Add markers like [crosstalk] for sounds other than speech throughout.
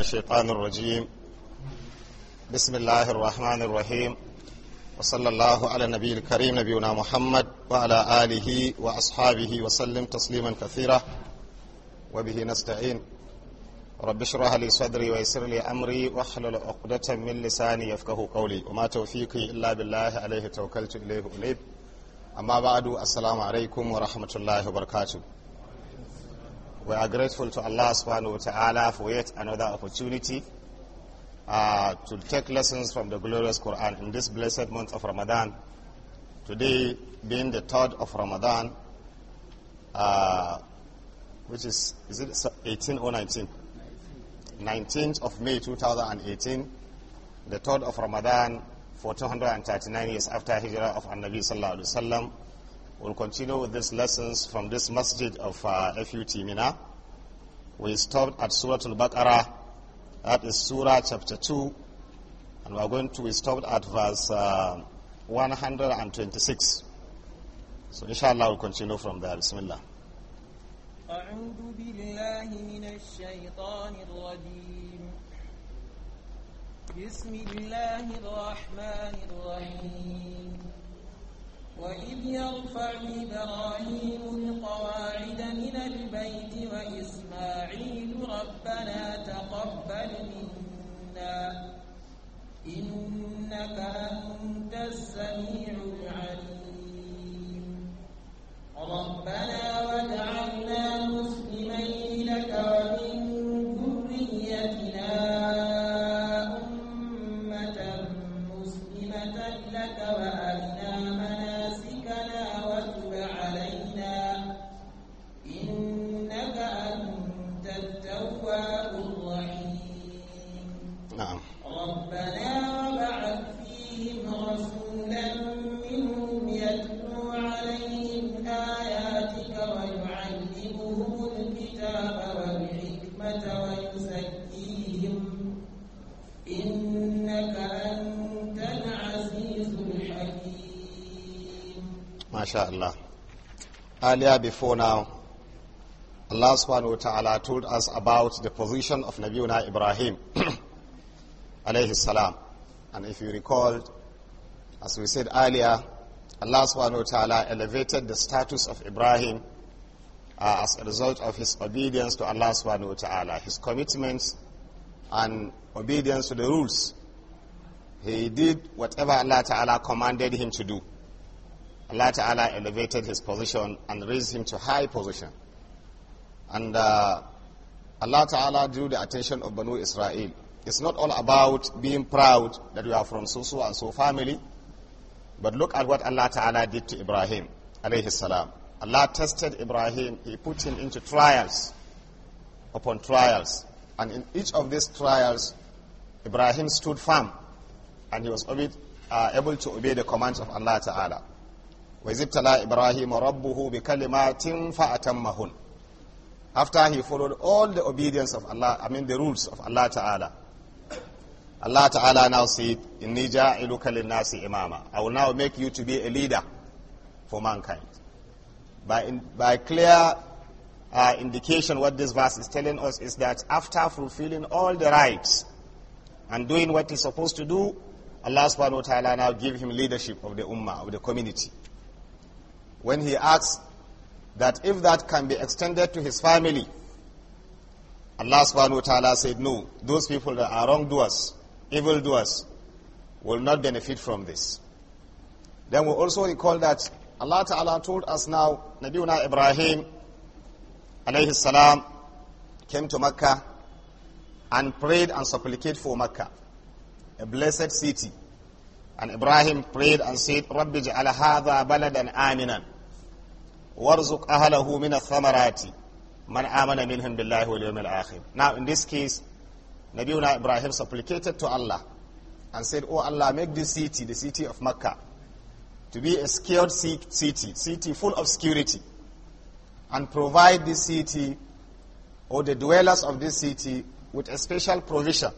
الشيطان الرجيم بسم الله الرحمن الرحيم وصلى الله على النبي الكريم نبينا محمد وعلى آله وأصحابه وسلم تسليما كثيرا وبه نستعين رب اشرح لي صدري ويسر لي أمري واحلل عقدة من لساني يفقه قولي وما توفيقي إلا بالله عليه توكلت إليه أنيب أما بعد السلام عليكم ورحمة الله وبركاته We are grateful to Allah subhanahu wa ta'ala for yet another opportunity uh, to take lessons from the glorious Quran in this blessed month of Ramadan. Today being the third of Ramadan, uh, which is, is it 18 or 19? 19th of May 2018, the third of Ramadan, for 239 years after Hijrah of An-Nabi sallallahu alayhi wa sallam, We'll continue with these lessons from this masjid of uh, FUT Mina. We stopped at Surah Al-Baqarah, that is Surah chapter 2, and we're going to, we stopped at verse uh, 126. So inshallah we'll continue from there. Bismillah. أعوذ بالله من الشيطان الرجيم بسم الله الرحمن الرحيم وإذ يرفع إبراهيم القواعد من البيت وإسماعيل ربنا تقبل منا إنك أنت السميع العليم ربنا واجعلنا مسلمين لك ومن إنك ما شاء الله Earlier before now, Allah subhanahu wa ta'ala told us about the position of Nabiuna Ibrahim [clears throat] alayhi salam. And if you recall, as we said earlier, Allah subhanahu wa ta'ala elevated the status of Ibrahim uh, as a result of his obedience to Allah subhanahu wa ta'ala, his commitments and obedience to the rules. He did whatever Allah Ta'ala commanded him to do. Allah Ta'ala elevated his position and raised him to high position. And uh, Allah Ta'ala drew the attention of Banu Israel. It's not all about being proud that we are from so-so and so family. But look at what Allah Ta'ala did to Ibrahim alayhi salam. Allah tested Ibrahim. He put him into trials upon trials. And in each of these trials, Ibrahim stood firm and he was uh, able to obey the commands of Allah Ta'ala. After he followed all the obedience of Allah, I mean the rules of Allah Ta'ala, Allah Ta'ala now said, إِنِّي جَاعِلُكَ لِلنَّاسِ I will now make you to be a leader for mankind. By, in, by clear uh, indication what this verse is telling us is that after fulfilling all the rights and doing what he's supposed to do, Allah subhanahu wa ta'ala now give him leadership of the ummah, of the community. When he asks that if that can be extended to his family, Allah subhanahu wa ta'ala said, no, those people that are wrongdoers, evildoers, will not benefit from this. Then we also recall that Allah ta'ala told us now, Nabiuna Ibrahim, alayhi salam, came to Mecca and prayed and supplicated for Mecca, a blessed city. And Ibrahim prayed and said, Rabbi ja'al hadha baladan aminan. وارزق أهله من الثمرات من آمن منهم بالله واليوم الآخر Now in this case, Nabiuna Ibrahim supplicated to Allah and said, Oh Allah, make this city, the city of Makkah, to be a secured city, city full of security and provide this city or the dwellers of this city with a special provision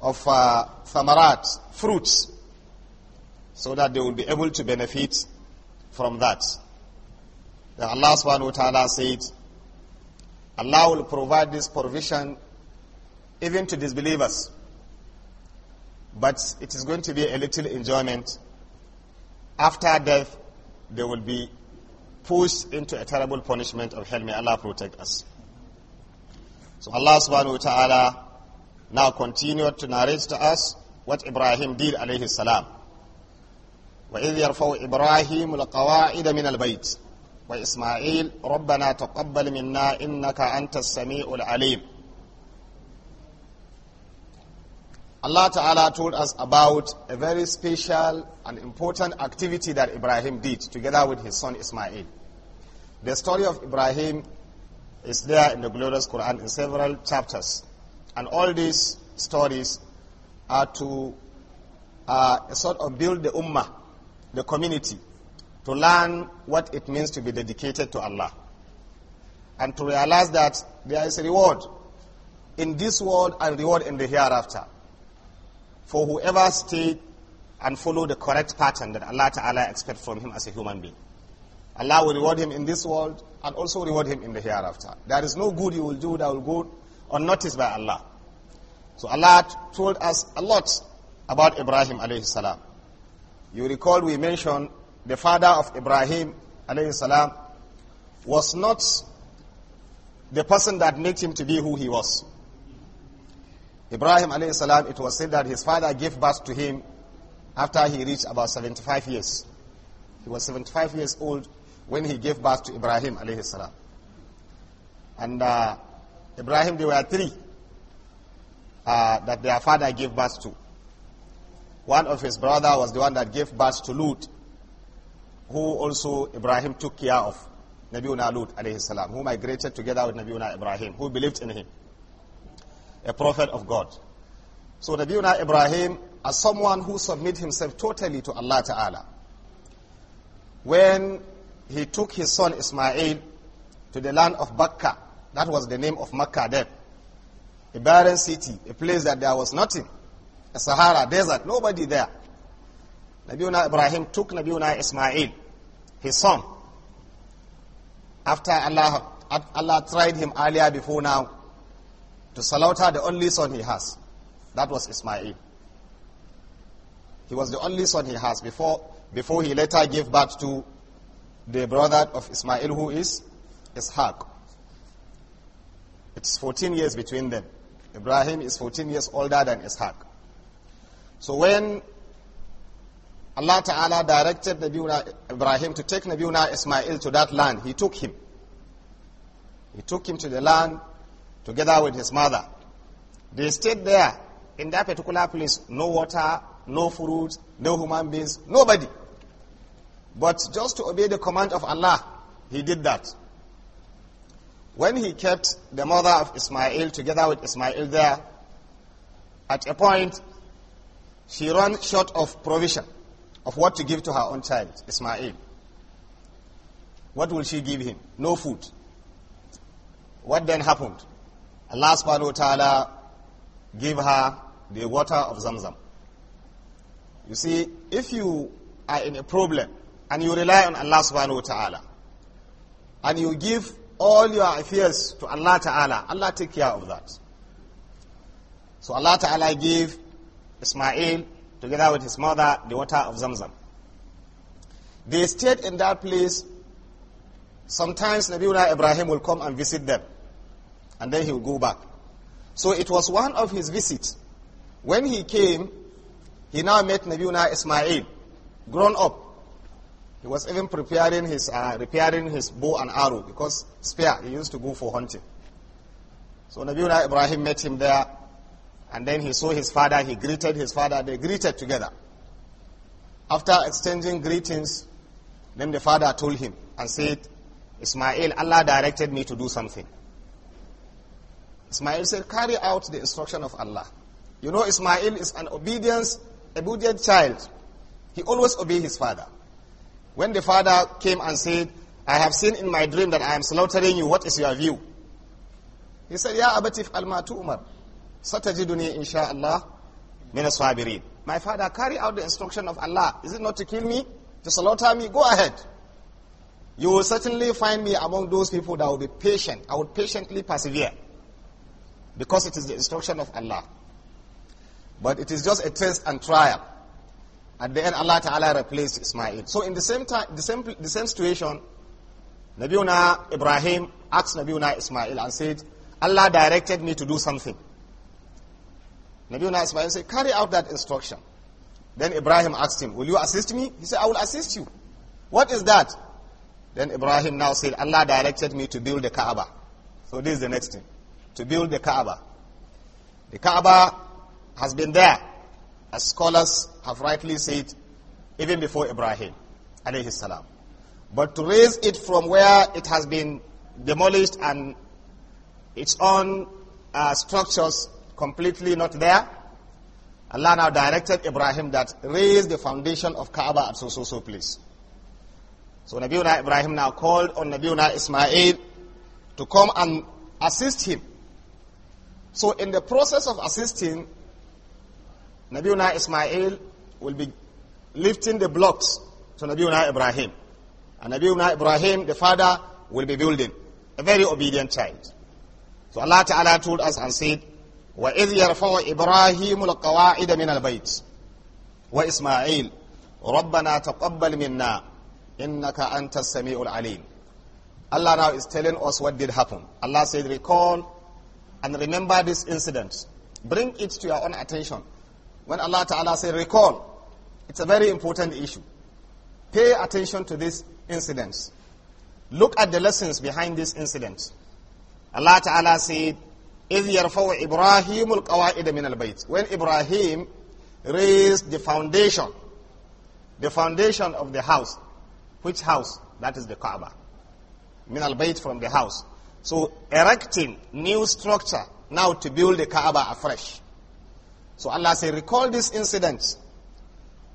of uh, thamarat, fruits, so that they will be able to benefit from that. The Allah subhanahu wa ta'ala said, Allah will provide this provision even to disbelievers. But it is going to be a little enjoyment. After death, they will be pushed into a terrible punishment of hell. May Allah protect us. So Allah subhanahu wa ta'ala now continued to narrate to us what Ibrahim did alayhi salam. وإذ يرفع إبراهيم القواعد من البيت وإسماعيل ربنا تقبل منا إنك أنت السميع العليم Allah Ta'ala told us about a very special and important activity that Ibrahim did together with his son Ismail. The story of Ibrahim is there in the glorious Quran in several chapters. And all these stories are to uh, sort of build the ummah, the community, to learn what it means to be dedicated to Allah and to realize that there is a reward in this world and reward in the hereafter for whoever stayed and followed the correct pattern that Allah Ta'ala expects from him as a human being. Allah will reward him in this world and also reward him in the hereafter. There is no good you will do that will go unnoticed by Allah. So Allah told us a lot about Ibrahim alayhi salam. You recall we mentioned the father of Ibrahim alayhi salam was not the person that made him to be who he was. Ibrahim alayhi salam, it was said that his father gave birth to him after he reached about 75 years. He was 75 years old when he gave birth to Ibrahim alayhi salam. And uh, Ibrahim, there were three uh, that their father gave birth to. One of his brother was the one that gave birth to Lut, who also Ibrahim took care of, Nabiuna Lut alayhi salam, who migrated together with Nabiuna Ibrahim, who believed in him a prophet of God. So Nabiuna Ibrahim, as someone who submitted himself totally to Allah Ta'ala, when he took his son Ismail to the land of Bakka, that was the name of Makkah then, a barren city, a place that there was nothing, a Sahara desert, nobody there. Nabiuna Ibrahim took Nabiuna Ismail, his son, after Allah, Allah tried him earlier before now, to slaughter the only son he has. That was Ismail. He was the only son he has before, before he later gave birth to the brother of Ismail who is Ishaq. It's 14 years between them. Ibrahim is 14 years older than Ishaq. So when Allah Ta'ala directed Nabiuna Ibrahim to take Nabiuna Ismail to that land, he took him. He took him to the land together with his mother. They stayed there in that particular place. No water, no food, no human beings, nobody. But just to obey the command of Allah, he did that. When he kept the mother of Ismail together with Ismail there, at a point, she ran short of provision of what to give to her own child, Ismail. What will she give him? No food. What then happened? Allah subhanahu wa ta'ala gave her the water of Zamzam. You see, if you are in a problem and you rely on Allah subhanahu wa ta'ala and you give all your affairs to Allah ta'ala, Allah take care of that. So Allah ta'ala gave Ismail together with his mother the water of Zamzam. They stayed in that place. Sometimes Nabiullah Ibrahim will come and visit them and then he'll go back. So it was one of his visits. When he came, he now met Nabiuna Ismail, grown up. He was even preparing his, uh, repairing his bow and arrow because spear, he used to go for hunting. So Nabiuna Ibrahim met him there and then he saw his father, he greeted his father, they greeted together. After exchanging greetings, then the father told him and said, Ismail, Allah directed me to do something. Ismail said, carry out the instruction of Allah. You know, Ismail is an obedience, obedient child. He always obeyed his father. When the father came and said, I have seen in my dream that I am slaughtering you, what is your view? He said, Ya abatif al-matu umar, satajiduni insha'Allah min My father, carry out the instruction of Allah. Is it not to kill me? To slaughter me? Go ahead. You will certainly find me among those people that will be patient. I will patiently persevere because it is the instruction of Allah. But it is just a test and trial. At the end, Allah Ta'ala replaced Ismail. So in the same time, the same, the same situation, Nabiuna Ibrahim asked Nabiuna Ismail and said, Allah directed me to do something. Nabiuna Ismail said, carry out that instruction. Then Ibrahim asked him, will you assist me? He said, I will assist you. What is that? Then Ibrahim now said, Allah directed me to build the Kaaba. So this is the next thing to build the Kaaba. The Kaaba has been there, as scholars have rightly said, even before Ibrahim, alayhi salam. But to raise it from where it has been demolished and its own uh, structures completely not there, Allah now directed Ibrahim that raise the foundation of Kaaba at so so so place. So Nabiuna Ibrahim now called on Nabiuna Ismail to come and assist him so in the process of assisting, Nabiuna Ismail will be lifting the blocks to Nabiuna Ibrahim. And Nabiuna Ibrahim, the father, will be building. A very obedient child. So Allah Ta'ala told us and said, وَإِذْ يَرْفَعُ إِبْرَاهِيمُ الْقَوَاعِدَ مِنَ الْبَيْتِ وَإِسْمَاعِيلُ رَبَّنَا تَقَبَّلْ مِنَّا إِنَّكَ أَنْتَ السَّمِيعُ الْعَلِيمُ Allah now is telling us what did happen. Allah said, recall and remember this incident. Bring it to your own attention. When Allah Ta'ala says recall, it's a very important issue. Pay attention to this incident. Look at the lessons behind this incident. Allah Ta'ala said, إِذْ يَرْفَوْ إِبْرَاهِيمُ الْقَوَائِدَ مِنَ الْبَيْتِ When Ibrahim raised the foundation, the foundation of the house. Which house? That is the Kaaba. Min al-Bayt from the house. So erecting new structure now to build the Kaaba afresh. So Allah said, recall this incident.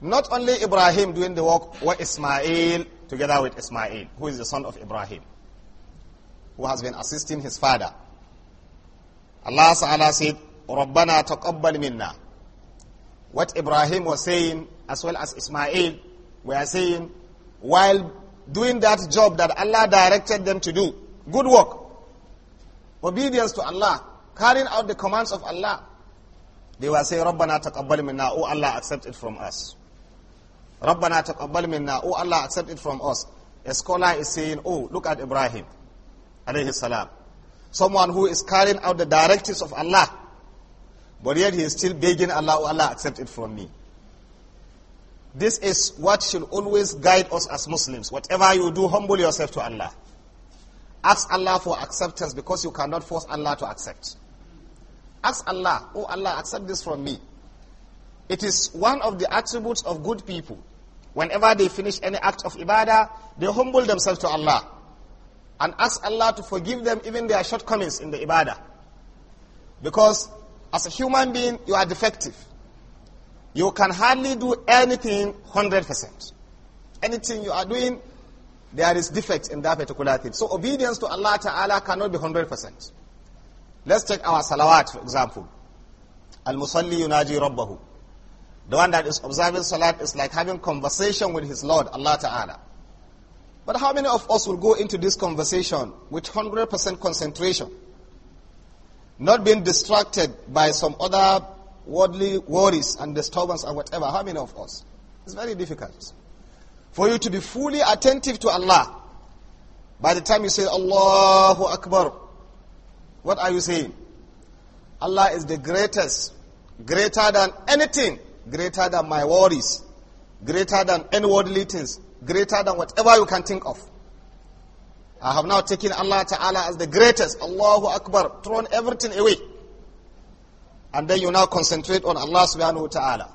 Not only Ibrahim doing the work, but Ismail together with Ismail, who is the son of Ibrahim, who has been assisting his father. Allah Ta'ala said, رَبَّنَا تَقَبَّلْ minna. What Ibrahim was saying, as well as Ismail, were saying, while doing that job that Allah directed them to do, good work, obedience to Allah, carrying out the commands of Allah. They were saying, Rabbana taqabbal minna, oh Allah, accept it from us. Rabbana taqabbal minna, oh Allah, accept it from us. A scholar is saying, oh, look at Ibrahim, alayhi salam. Someone who is carrying out the directives of Allah, but yet he is still begging Allah, oh Allah, accept it from me. This is what should always guide us as Muslims. Whatever you do, humble yourself to Allah. Ask Allah for acceptance because you cannot force Allah to accept. Ask Allah, oh Allah, accept this from me. It is one of the attributes of good people. Whenever they finish any act of ibadah, they humble themselves to Allah and ask Allah to forgive them even their shortcomings in the ibadah. Because as a human being, you are defective. You can hardly do anything 100%. Anything you are doing, there is defect in that particular thing. So obedience to Allah Ta'ala cannot be 100%. Let's take our salawat, for example. Al-Musalli yunaji rabbahu. The one that is observing salat is like having conversation with his Lord, Allah Ta'ala. But how many of us will go into this conversation with 100% concentration? Not being distracted by some other worldly worries and disturbance and whatever. How many of us? It's very difficult for you to be fully attentive to Allah. By the time you say Allahu Akbar, what are you saying? Allah is the greatest, greater than anything, greater than my worries, greater than any worldly things, greater than whatever you can think of. I have now taken Allah Ta'ala as the greatest, Allahu Akbar, thrown everything away. And then you now concentrate on Allah Subhanahu Wa Ta'ala.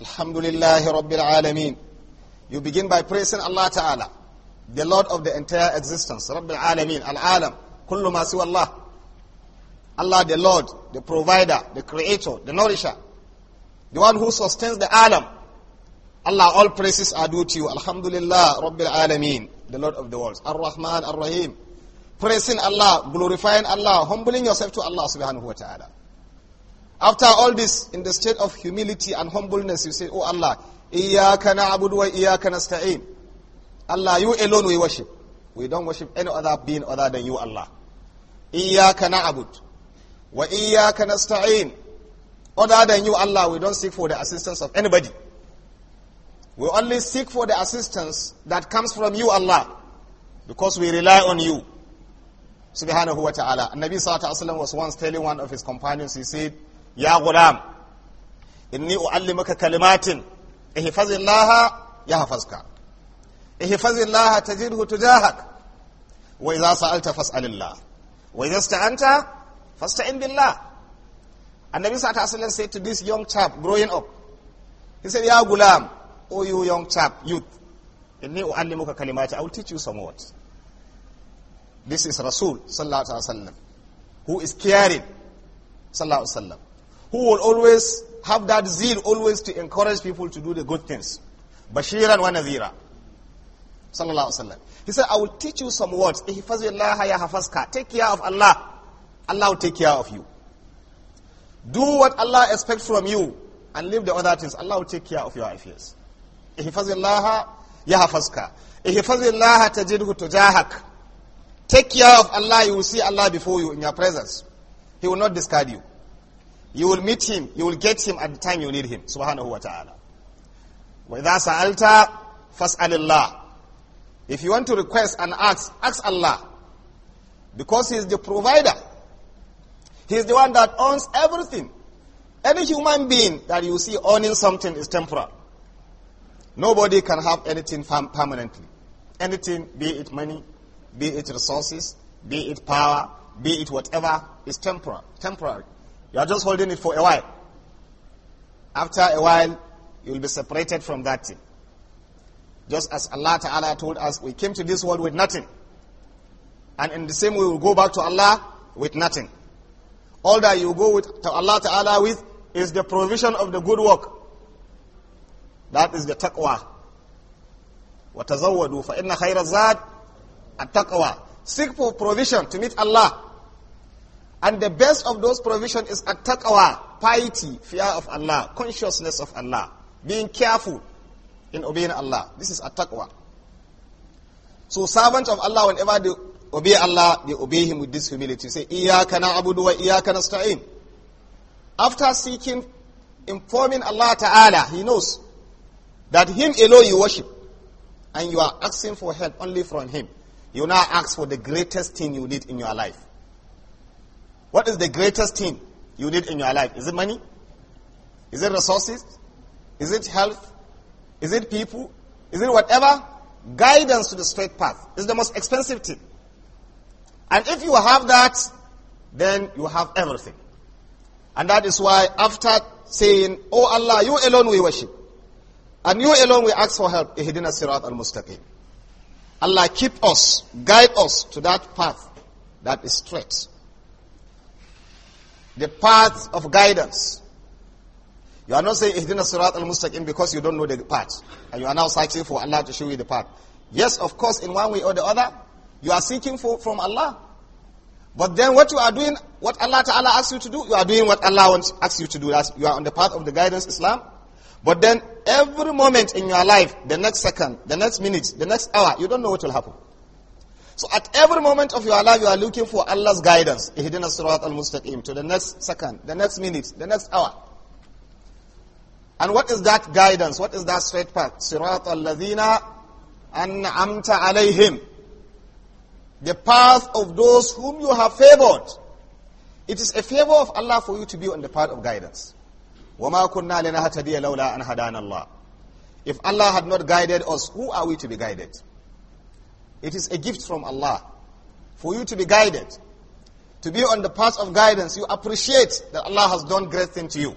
Alhamdulillahi Rabbil Alameen. You begin by praising Allah Ta'ala, the Lord of the entire existence. Rabbil Alameen, Al-Alam, Kullu Ma Allah. Allah the Lord, the provider, the creator, the nourisher, the one who sustains the alam. Allah, all praises are due to you. Alhamdulillah, Rabbil Alameen, the Lord of the worlds. Ar-Rahman, Ar-Rahim. Praising Allah, glorifying Allah, humbling yourself to Allah subhanahu wa ta'ala. After all this, in the state of humility and humbleness, you say, Oh Allah, Iya kana na'budu wa iya kana staa'im. Allah, you alone we worship. We don't worship any other being other than you, Allah. Iya kana na'bud wa iya kana staa'im. Other than you, Allah, we don't seek for the assistance of anybody. We only seek for the assistance that comes from you, Allah, because we rely on you. Subhanahu wa ta'ala. Nabi Sallallahu was once telling one of his companions, he said, Ya ghulam, inni u'allimaka kalimatin ihfazillaha yahfazka ihfazillaha tajidhu tujahak wa idza sa'alta fas'alillah wa idza ista'anta fasta'in billah annabi sallallahu alaihi said to this young chap growing up he said ya gulam oh you young chap youth inni uallimuka kalimati i will teach you some words this is rasul sallallahu alaihi who is caring sallallahu alaihi who will always have that zeal always to encourage people to do the good things. Bashiran wa Nazira, Sallallahu alayhi wa He said, I will teach you some words. Take care of Allah. Allah will take care of you. Do what Allah expects from you and leave the other things. Allah will take care of your affairs. Ihfazillaha yahfazka. Ihfazillaha tajidhu tujahak. Take care of Allah, you will see Allah before you in your presence. He will not discard you. You will meet him, you will get him at the time you need him. Subhanahu wa ta'ala. وَإِذَا سَأَلْتَ فَاسْأَلِ اللَّهِ If you want to request and ask, ask Allah. Because He is the provider. He is the one that owns everything. Any human being that you see owning something is temporal. Nobody can have anything permanently. Anything, be it money, be it resources, be it power, be it whatever, is temporal, temporary. You are just holding it for a while. After a while, you will be separated from that thing. Just as Allah Ta'ala told us, we came to this world with nothing. And in the same way, we will go back to Allah with nothing. All that you go with to Allah Ta'ala with is the provision of the good work. That is the taqwa. وَتَزَوَّدُوا فَإِنَّ خَيْرَ الزَّادِ التَّقْوَى Seek for provision to meet Allah and the best of those provision is at piety, fear of Allah, consciousness of Allah, being careful in obeying Allah. This is at So servants of Allah, whenever they obey Allah, they obey Him with this humility. Say, Iyaka na'budu wa iyaka nasta'in. After seeking, informing Allah Ta'ala, He knows that Him alone you worship. And you are asking for help only from Him. You now ask for the greatest thing you need in your life. What is the greatest thing you need in your life? Is it money? Is it resources? Is it health? Is it people? Is it whatever? Guidance to the straight path is the most expensive thing. And if you have that, then you have everything. And that is why after saying, Oh Allah, you alone we worship. And you alone we ask for help. Ihdina sirat al-mustaqim. Allah keep us, guide us to that path that is straight the path of guidance. You are not saying Ihdina Surat al Mustaqim because you don't know the path. And you are now searching for Allah to show you the path. Yes, of course, in one way or the other, you are seeking for, from Allah. But then what you are doing, what Allah Ta'ala asks you to do, you are doing what Allah wants, asks you to do. That's, you are on the path of the guidance Islam. But then every moment in your life, the next second, the next minute, the next hour, you don't know what will happen. So at every moment of your life, you are looking for Allah's guidance. Ihdina sirat al-mustaqim to the next second, the next minute, the next hour. And what is that guidance? What is that straight path? Sirat al-ladhina an'amta alayhim. The path of those whom you have favored. It is a favor of Allah for you to be on the path of guidance. وَمَا كُنَّا لَوْلَا أَنْ هَدَانَ اللَّهِ If Allah had not guided us, who are we to be guided? It is a gift from Allah for you to be guided, to be on the path of guidance. You appreciate that Allah has done great thing to you.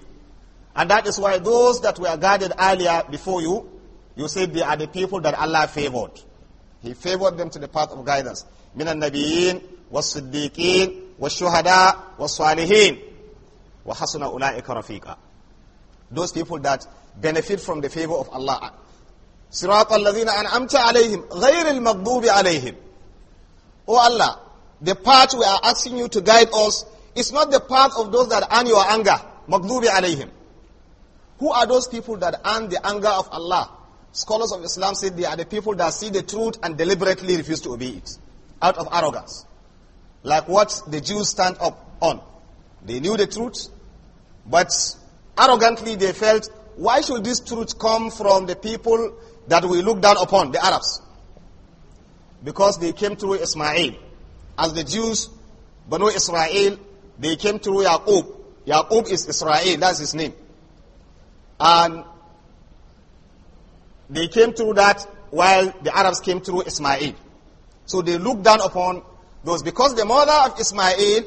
And that is why those that were guided earlier before you, you said they are the people that Allah favored. He favored them to the path of guidance. من النبيين والصديقين والشهداء والصالحين وحسن أولئك رفيقا Those people that benefit from the favor of Allah صراط الذين أنعمت عليهم غير المغضوب عليهم Oh Allah, the path we are asking you to guide us is not the path of those that earn your anger, maghdubi alayhim. Who are those people that earn the anger of Allah? Scholars of Islam say they are the people that see the truth and deliberately refuse to obey it out of arrogance. Like what the Jews stand up on. They knew the truth, but arrogantly they felt, why should this truth come from the people that we look down upon, the Arabs. Because they came through Ismail. As the Jews, Banu Israel, they came through Yaqub. Yaqub is Israel, that's his name. And they came through that while the Arabs came through Ismail. So they looked down upon those. Because the mother of Ismail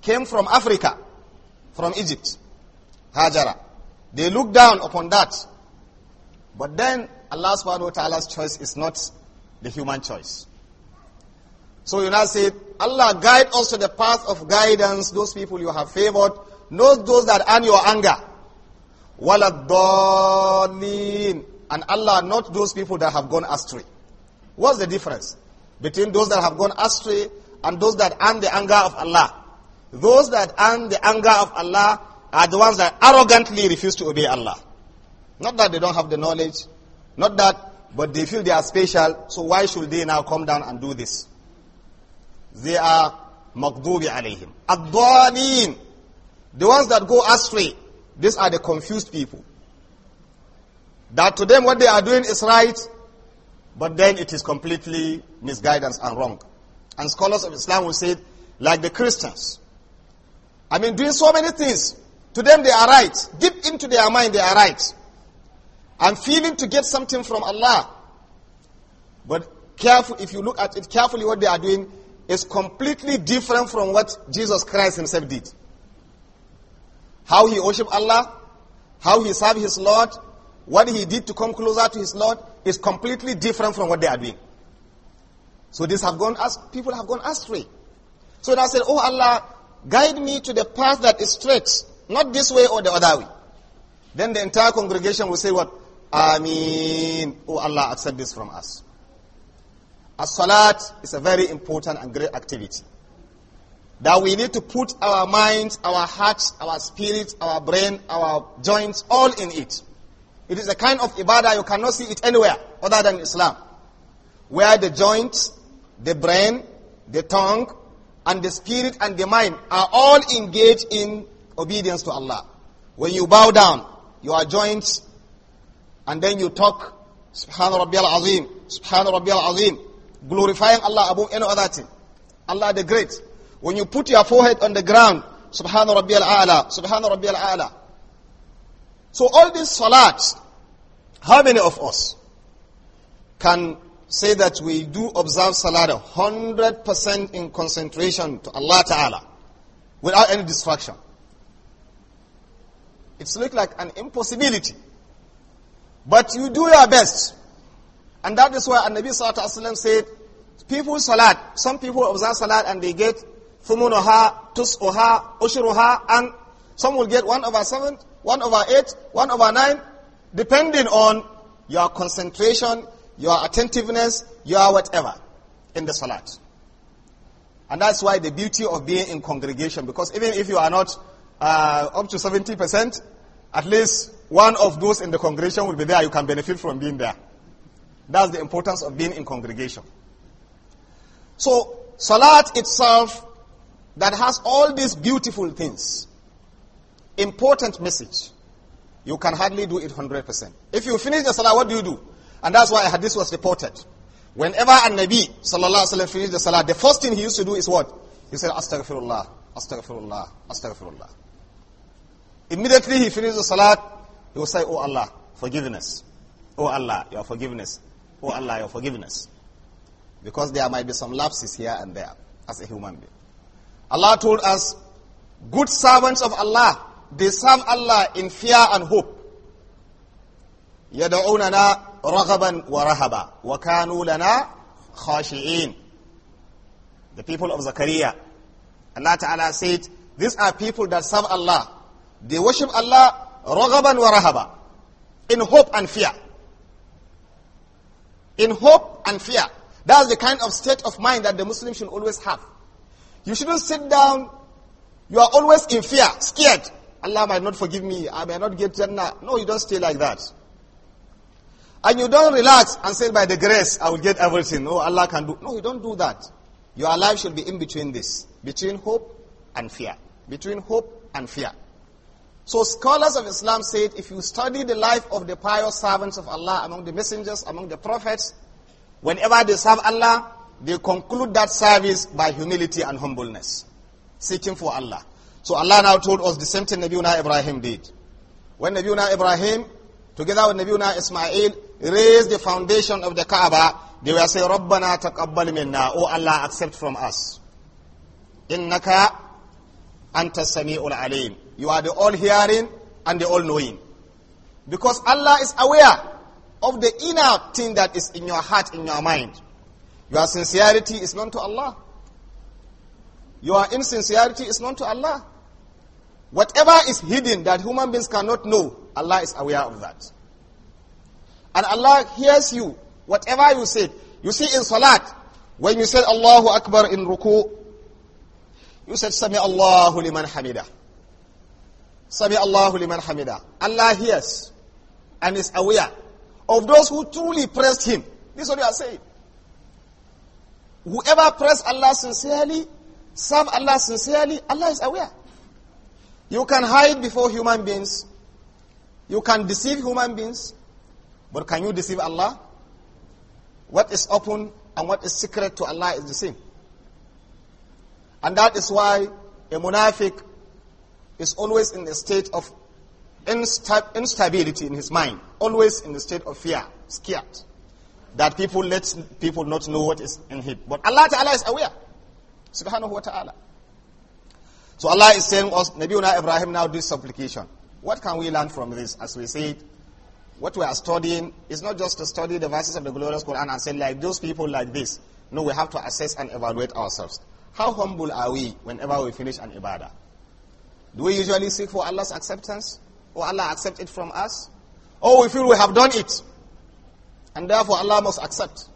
came from Africa, from Egypt, Hajara. They looked down upon that but then Allah subhanahu wa ta'ala's choice is not the human choice. So you now say, Allah guide us to the path of guidance, those people you have favored, not those that earn your anger. Waladhaleen. And Allah, not those people that have gone astray. What's the difference between those that have gone astray and those that earn the anger of Allah? Those that earn the anger of Allah are the ones that arrogantly refuse to obey Allah. Not that they don't have the knowledge, not that, but they feel they are special, so why should they now come down and do this? They are maghdubi alayhim. ad The ones that go astray, these are the confused people. That to them what they are doing is right, but then it is completely misguidance and wrong. And scholars of Islam will say, like the Christians. I mean, doing so many things. To them they are right. Deep into their mind they are right. I'm feeling to get something from Allah. But careful, if you look at it carefully, what they are doing is completely different from what Jesus Christ himself did. How he worshiped Allah, how he served his Lord, what he did to come closer to his Lord is completely different from what they are doing. So these have gone as people have gone astray. So they said, Oh Allah, guide me to the path that is straight, not this way or the other way. Then the entire congregation will say, What? Ameen. Oh Allah, accept this from us. As-salat is a very important and great activity. That we need to put our minds, our hearts, our spirit, our brain, our joints, all in it. It is a kind of ibadah, you cannot see it anywhere other than Islam. Where the joints, the brain, the tongue, and the spirit and the mind are all engaged in obedience to Allah. When you bow down, your joints and then you talk, Subhanahu Rabbi al Azim, Subhanahu Rabbi al Azim, glorifying Allah above any other thing. Allah the Great. When you put your forehead on the ground, Subhanahu Rabbi al A'la, Subhanahu Rabbi al A'la. So all these salats, how many of us can say that we do observe salat 100% in concentration to Allah Ta'ala without any distraction? It's looked like an impossibility. But you do your best. And that is why Nabi Sallallahu said, people salat, some people observe salat and they get thumunuha, tus'uha, ushiruha, and some will get one over seven, one over eight, one over nine, depending on your concentration, your attentiveness, your whatever in the salat. And that's why the beauty of being in congregation, because even if you are not uh, up to 70%, at least one of those in the congregation will be there. You can benefit from being there. That's the importance of being in congregation. So, Salat itself that has all these beautiful things, important message. You can hardly do it 100%. If you finish the salat, what do you do? And that's why a hadith was reported. Whenever a Nabi sallallahu alaihi wasallam finished the salat, the first thing he used to do is what? He said, Astaghfirullah, Astaghfirullah, Astaghfirullah. Immediately he finishes the salat, he will say, Oh Allah, forgiveness. Oh Allah, your forgiveness. Oh Allah, your forgiveness. Because there might be some lapses here and there as a human being. Allah told us, good servants of Allah, they serve Allah in fear and hope. يدعوننا رغبا ورهبا وكانوا لنا خاشعين The people of Zakaria, Allah Ta'ala said, these are people that serve Allah they worship Allah raghaban wa rahaba, in hope and fear. In hope and fear. That's the kind of state of mind that the Muslim should always have. You shouldn't sit down. You are always in fear, scared. Allah might not forgive me. I may not get Jannah. No, you don't stay like that. And you don't relax and say, by the grace, I will get everything. Oh, Allah can do. No, you don't do that. Your life should be in between this. Between hope and fear. Between hope and fear. So scholars of Islam said, if you study the life of the pious servants of Allah among the messengers, among the prophets, whenever they serve Allah, they conclude that service by humility and humbleness, seeking for Allah. So Allah now told us the same thing Nabiuna Ibrahim did. When Nabiuna Ibrahim, together with Nabiuna Ismail, raised the foundation of the Kaaba, they were saying, رَبَّنَا minna, O Allah, accept from us. إِنَّكَ أَنْتَ السَّمِيعُ alim. You are the all hearing and the all knowing. Because Allah is aware of the inner thing that is in your heart, in your mind. Your sincerity is known to Allah. Your insincerity is known to Allah. Whatever is hidden that human beings cannot know, Allah is aware of that. And Allah hears you, whatever you said. You see in Salat, when you said Allahu Akbar in Ruku, you said Sami Allahu liman hamidah. Sami Allahu liman hamida. Allah hears and is aware of those who truly praise him. This is what you are saying. Whoever prays Allah sincerely, serve Allah sincerely, Allah is aware. You can hide before human beings. You can deceive human beings. But can you deceive Allah? What is open and what is secret to Allah is the same. And that is why a munafiq is always in a state of insta instability in his mind, always in a state of fear, scared, that people let people not know what is in him. But Allah Ta'ala is aware. Subhanahu wa ta'ala. So Allah is saying us, Nabiuna Ibrahim now this supplication. What can we learn from this? As we said, what we are studying is not just to study the verses of the glorious Quran and say like those people like this. No, we have to assess and evaluate ourselves. How humble are we whenever we finish an ibadah? Do we usually seek for Allah's acceptance? Or Allah accept it from us? Or we feel we have done it. And therefore Allah must accept.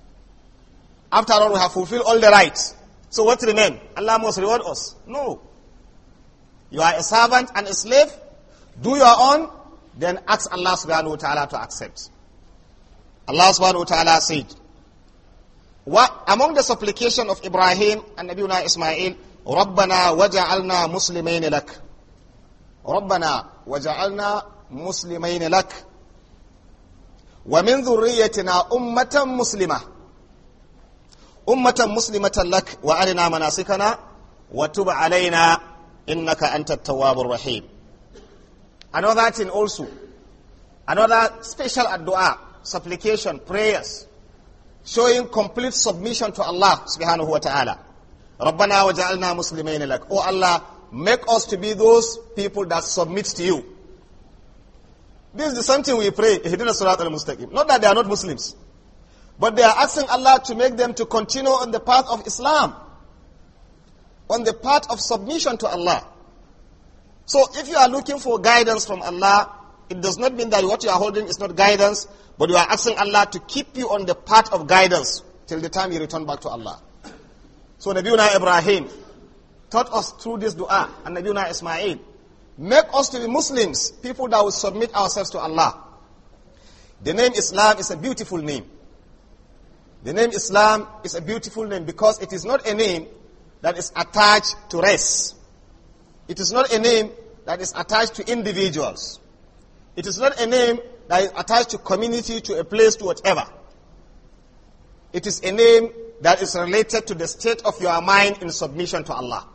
After all, we have fulfilled all the rights. So what's the name? Allah must reward us. No. You are a servant and a slave. Do your own. Then ask Allah subhanahu wa ta'ala to accept. Allah subhanahu wa ta'ala said, what, among the supplication of Ibrahim and Nabiuna Ismail, رَبَّنَا وَجَعَلْنَا مُسْلِمَيْنِ لَكَ ربنا وجعلنا مسلمين لك ومن ذريتنا أمة مسلمة أمة مسلمة لك وأرنا مناسكنا وتب علينا إنك أنت التواب الرحيم Another thing also, another special dua, supplication, prayers, showing complete submission to Allah subhanahu wa ta'ala. ربنا وجعلنا مسلمين لك. Allah, Make us to be those people that submit to you. This is the same thing we pray. Not that they are not Muslims. But they are asking Allah to make them to continue on the path of Islam. On the path of submission to Allah. So if you are looking for guidance from Allah, it does not mean that what you are holding is not guidance, but you are asking Allah to keep you on the path of guidance till the time you return back to Allah. So Nabiuna Ibrahim, taught us through this dua, and Nabiuna Ismail. Make us to be Muslims, people that will submit ourselves to Allah. The name Islam is a beautiful name. The name Islam is a beautiful name because it is not a name that is attached to race. It is not a name that is attached to individuals. It is not a name that is attached to community, to a place, to whatever. It is a name that is related to the state of your mind in submission to Allah.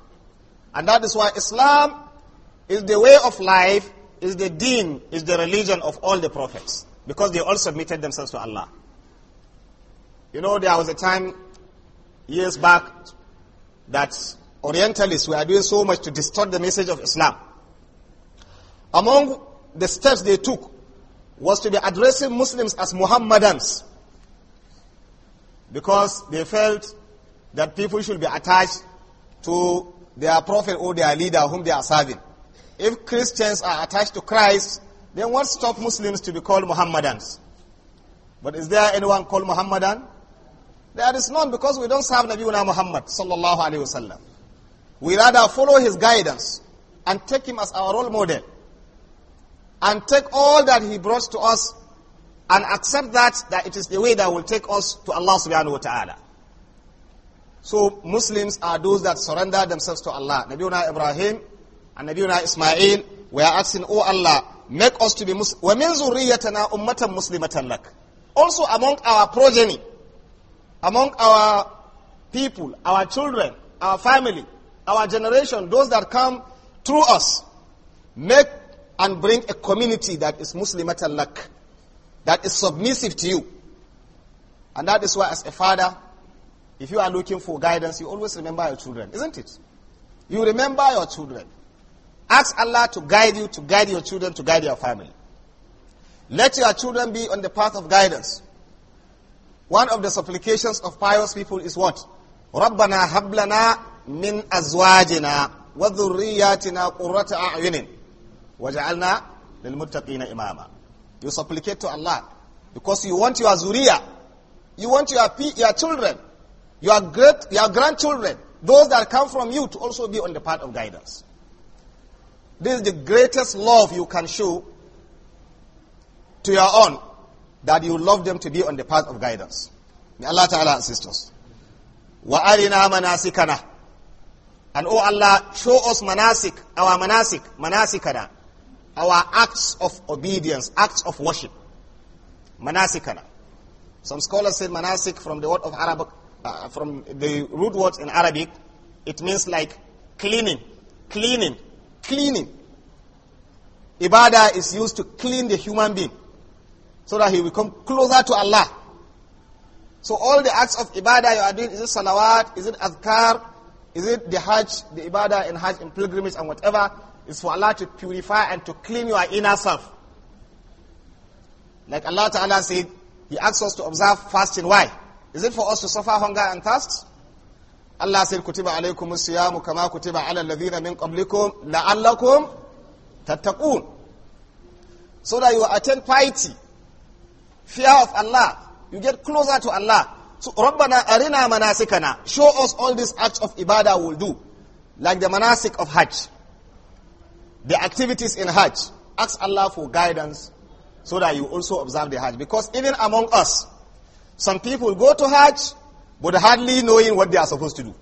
And that is why Islam is the way of life, is the deen, is the religion of all the prophets. Because they all submitted themselves to Allah. You know, there was a time years back that Orientalists were doing so much to distort the message of Islam. Among the steps they took was to be addressing Muslims as Muhammadans because they felt that people should be attached to their prophet or their leader whom they are serving. If Christians are attached to Christ, then what stop Muslims to be called Muhammadans? But is there anyone called Muhammadan? There is none because we don't serve Nabiuna Muhammad sallallahu alaihi wasallam. We rather follow his guidance and take him as our role model and take all that he brought to us and accept that that it is the way that will take us to Allah subhanahu wa ta'ala. So Muslims are those that surrender themselves to Allah. Nabiuna Ibrahim and Nabiuna Ismail were asking, Oh Allah, make us to be Muslim. Also among our progeny, among our people, our children, our family, our generation, those that come through us, make and bring a community that is Muslimat al that is submissive to you. And that is why as a father, if you are looking for guidance, you always remember your children, isn't it? You remember your children. Ask Allah to guide you, to guide your children, to guide your family. Let your children be on the path of guidance. One of the supplications of pious people is what? رَبَّنَا هَبْلَنَا مِنْ أَزْوَاجِنَا وَذُرِّيَّاتِنَا قُرَّةَ أَعْيُنٍ وَجَعَلْنَا لِلْمُتَّقِينَ إِمَامًا You supplicate to Allah because you want your zuriya, you want your, your children your great, your grandchildren, those that come from you to also be on the path of guidance. This is the greatest love you can show to your own, that you love them to be on the path of guidance. May Allah Ta'ala assist us. وَأَرِنَا manasikana. And O oh Allah, show us manasik, our manasik, manasikana, our acts of obedience, acts of worship. Manasikana. Some scholars say manasik from the word of Arabic, uh, from the root words in Arabic, it means like cleaning, cleaning, cleaning. Ibadah is used to clean the human being so that he will come closer to Allah. So all the acts of ibadah you are doing, is it salawat, is it azkar, is it the hajj, the ibadah and hajj in pilgrimage and whatever, is for Allah to purify and to clean your inner self. Like Allah Ta'ala said, He asks us to observe fasting. Why? Is it for us to suffer hunger and thirst? Allah said, Kutiba alaykum siyamu kama kutiba ala alladhina min qablikum la'allakum tattaqun. So that you attain piety, fear of Allah. You get closer to Allah. So, Rabbana arina manasikana. Show us all these acts of ibadah will do. Like the manasik of Hajj. The activities in Hajj. Ask Allah for guidance so that you also observe the Hajj. Because even among us, some people go to Hajj, but hardly knowing what they are supposed to do.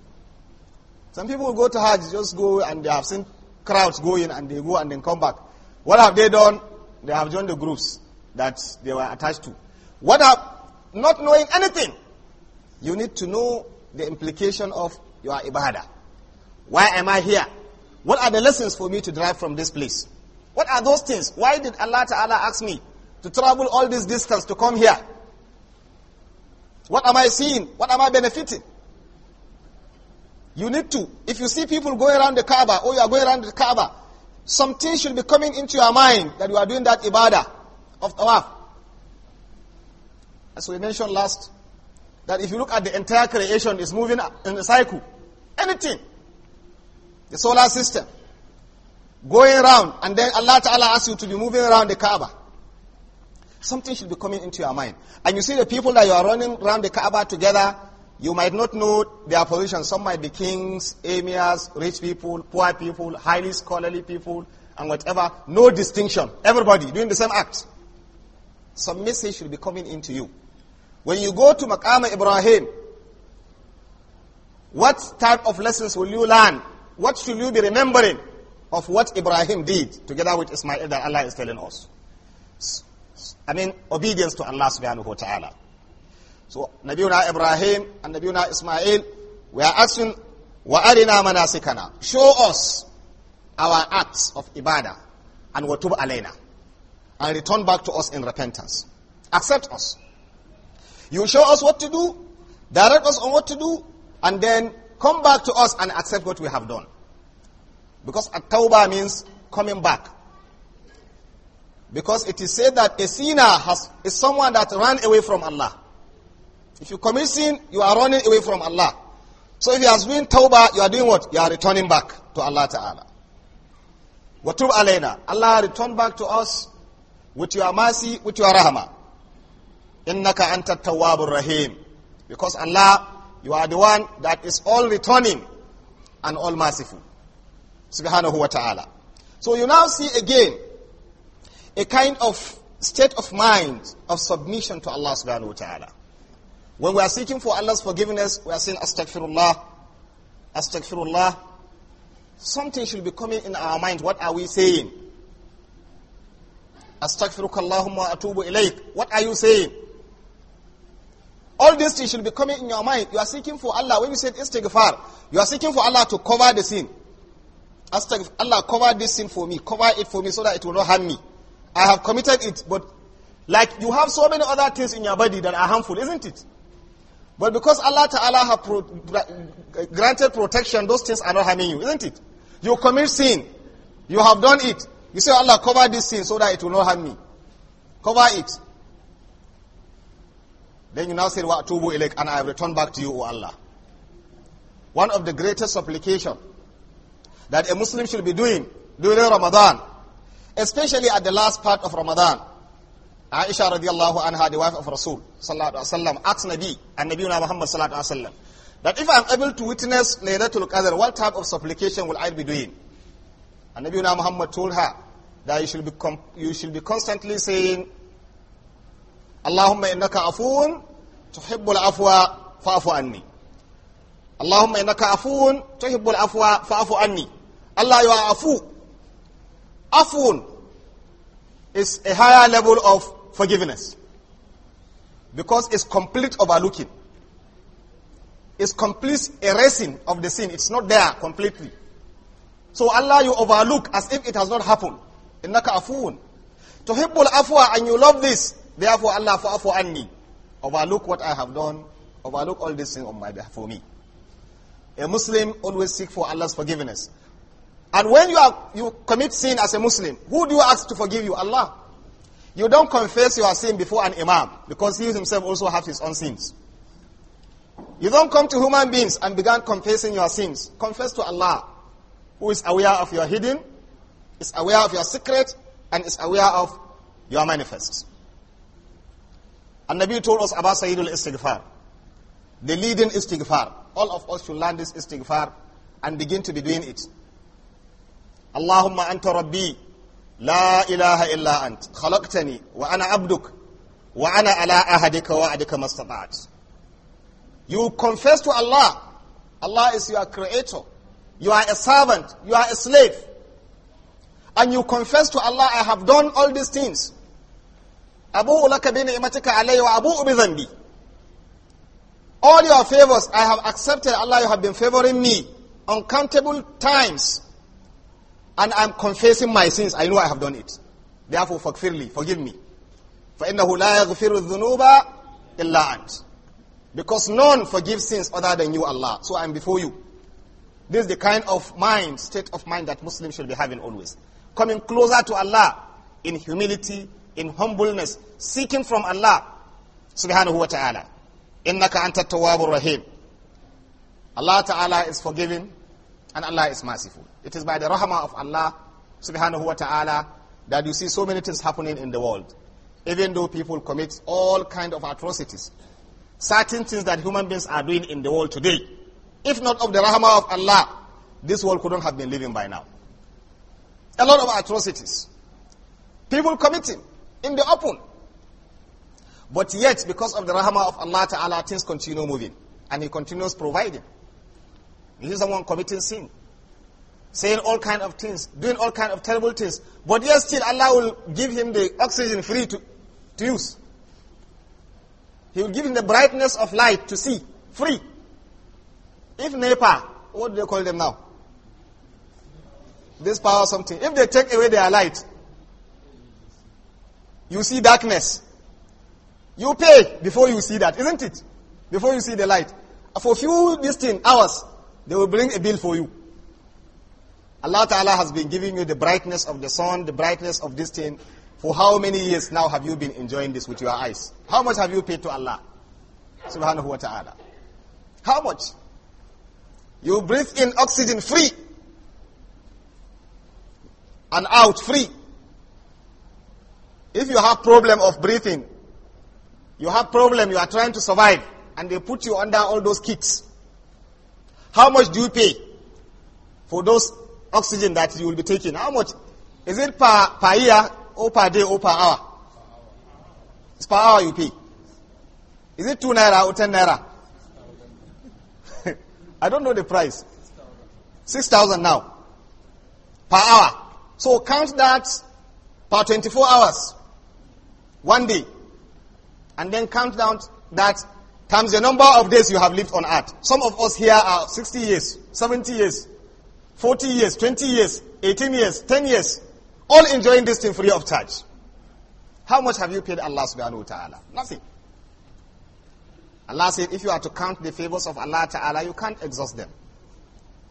Some people go to Hajj, just go and they have seen crowds going and they go and then come back. What have they done? They have joined the groups that they were attached to. What have, not knowing anything, you need to know the implication of your ibadah. Why am I here? What are the lessons for me to derive from this place? What are those things? Why did Allah Ta'ala ask me to travel all this distance to come here? What am I seeing? What am I benefiting? You need to, if you see people going around the Kaaba or oh, you are going around the Kaaba, something should be coming into your mind that you are doing that ibadah of tawaf. As we mentioned last, that if you look at the entire creation, it's moving in a cycle. Anything. The solar system. Going around, and then Allah Ta'ala asks you to be moving around the Kaaba. Something should be coming into your mind. And you see the people that you are running around the Kaaba together, you might not know their position. Some might be kings, emirs, rich people, poor people, highly scholarly people, and whatever. No distinction. Everybody doing the same act. Some message should be coming into you. When you go to Maqama Ibrahim, what type of lessons will you learn? What should you be remembering of what Ibrahim did together with Ismail that Allah is telling us? I mean, obedience to Allah subhanahu wa ta'ala. So, Nabiuna Ibrahim and Nabiuna Ismail, we are asking, Wa وَأَرِنَا manasikana. Show us our acts of ibadah and watub alayna and return back to us in repentance. Accept us. You show us what to do, direct us on what to do, and then come back to us and accept what we have done. Because at tawbah means coming back because it is said that a sinner has, is someone that ran away from Allah. If you commit sin, you are running away from Allah. So if you are doing tawbah, you are doing what? You are returning back to Allah Ta'ala. Watub alayna. Allah return back to us with your mercy, with your rahmah. Innaka anta tawabur rahim. Because Allah, you are the one that is all returning and all merciful. Subhanahu wa ta'ala. So you now see again a kind of state of mind of submission to Allah subhanahu wa ta'ala. When we are seeking for Allah's forgiveness, we are saying astaghfirullah, astaghfirullah. Something should be coming in our mind. What are we saying? Astaghfiruka atubu ilayk. What are you saying? All these things should be coming in your mind. You are seeking for Allah. When you say istighfar, you are seeking for Allah to cover the sin. Astaghfir, Allah, cover this sin for me. Cover it for me so that it will not harm me. I have committed it, but like you have so many other things in your body that are harmful, isn't it? But because Allah Ta'ala has pro granted protection, those things are not harming you, isn't it? You commit sin. You have done it. You say, Allah, cover this sin so that it will not harm me. Cover it. Then you now say, Wa atubu ilayk, and I have returned back to you, O Allah. One of the greatest supplication that a Muslim should be doing during Ramadan especially at the last part of Ramadan. Aisha radiallahu anha, the wife of Rasul sallallahu alaihi wasallam, asked Nabi and Nabi Muhammad sallallahu alaihi wasallam that if I'm able to witness Laylatul Qadr, what type of supplication will I be doing? And Nabi Muhammad told her that you should be, you should be constantly saying, Allahumma innaka afoon tuhibbul afwa fa'fu anni. Allahumma innaka afoon tuhibbul afwa fa'fu anni. Allah you are afu Afun is a higher level of forgiveness because it's complete overlooking. It's complete erasing of the sin. It's not there completely. So Allah, you overlook as if it has not happened. Innaka afuun. Tuhibbul afwa and you love this. Therefore Allah fa'afu anni. Overlook what I have done. Overlook all these things on my behalf for me. A Muslim always seek for Allah's forgiveness. And when you, are, you commit sin as a Muslim, who do you ask to forgive you? Allah. You don't confess your sin before an imam, because he himself also has his own sins. You don't come to human beings and begin confessing your sins. Confess to Allah, who is aware of your hidden, is aware of your secret, and is aware of your manifest. And Nabi told us about Sayyidul Istighfar, the leading Istighfar. All of us should learn this Istighfar and begin to be doing it. اللهم أنت ربي لا إله إلا أنت خلقتني وأنا عبدك وأنا على أهدك وعدك ما استطعت You confess to Allah. Allah is your creator. You are a servant. You are a slave. And you confess to Allah, I have done all these things. أبوء لك بنعمتك علي وأبوء بذنبي. All your favors I have accepted. Allah, you have been favoring me uncountable times. and I'm confessing my sins, I know I have done it. Therefore, fakfirli, forgive me. فَإِنَّهُ لَا يَغْفِرُ الذُّنُوبَ إِلَّا أَنْتِ Because none forgives sins other than you, Allah. So I'm before you. This is the kind of mind, state of mind that Muslims should be having always. Coming closer to Allah in humility, in humbleness, seeking from Allah subhanahu wa ta'ala. إِنَّكَ أَنْتَ التَّوَّابُ الرَّحِيمُ Allah ta'ala is forgiving, and Allah is merciful. It is by the rahmah of Allah subhanahu wa ta'ala that you see so many things happening in the world. Even though people commit all kind of atrocities. Certain things that human beings are doing in the world today. If not of the rahmah of Allah, this world couldn't have been living by now. A lot of atrocities. People committing in the open. But yet, because of the rahmah of Allah Ta'ala, things continue moving. And He continues providing. This is someone committing sin. Saying all kind of things, doing all kind of terrible things. But yet still Allah will give him the oxygen free to, to use. He will give him the brightness of light to see, free. If NEPA, what do they call them now? This power something. If they take away their light, you see darkness. You pay before you see that, isn't it? Before you see the light. For few distant hours, they will bring a bill for you. Allah Ta'ala has been giving you the brightness of the sun, the brightness of this thing. For how many years now have you been enjoying this with your eyes? How much have you paid to Allah? Subhanahu wa ta'ala. How much? You breathe in oxygen free and out free. If you have problem of breathing, you have problem, you are trying to survive, and they put you under all those kits. How much do you pay for those oxygen that you will be taking? How much? Is it per, per year or per day or per hour? It's per hour you pay. Is it 2 naira or 10 naira? [laughs] I don't know the price. 6,000 now. Per hour. So count that per 24 hours. One day. And then count down that times the number of days you have lived on earth. Some of us here are 60 years, 70 years, 40 years, 20 years, 18 years, 10 years, all enjoying this thing free of charge. How much have you paid Allah subhanahu wa ta'ala? Nothing. Allah said, if you are to count the favors of Allah ta'ala, you can't exhaust them.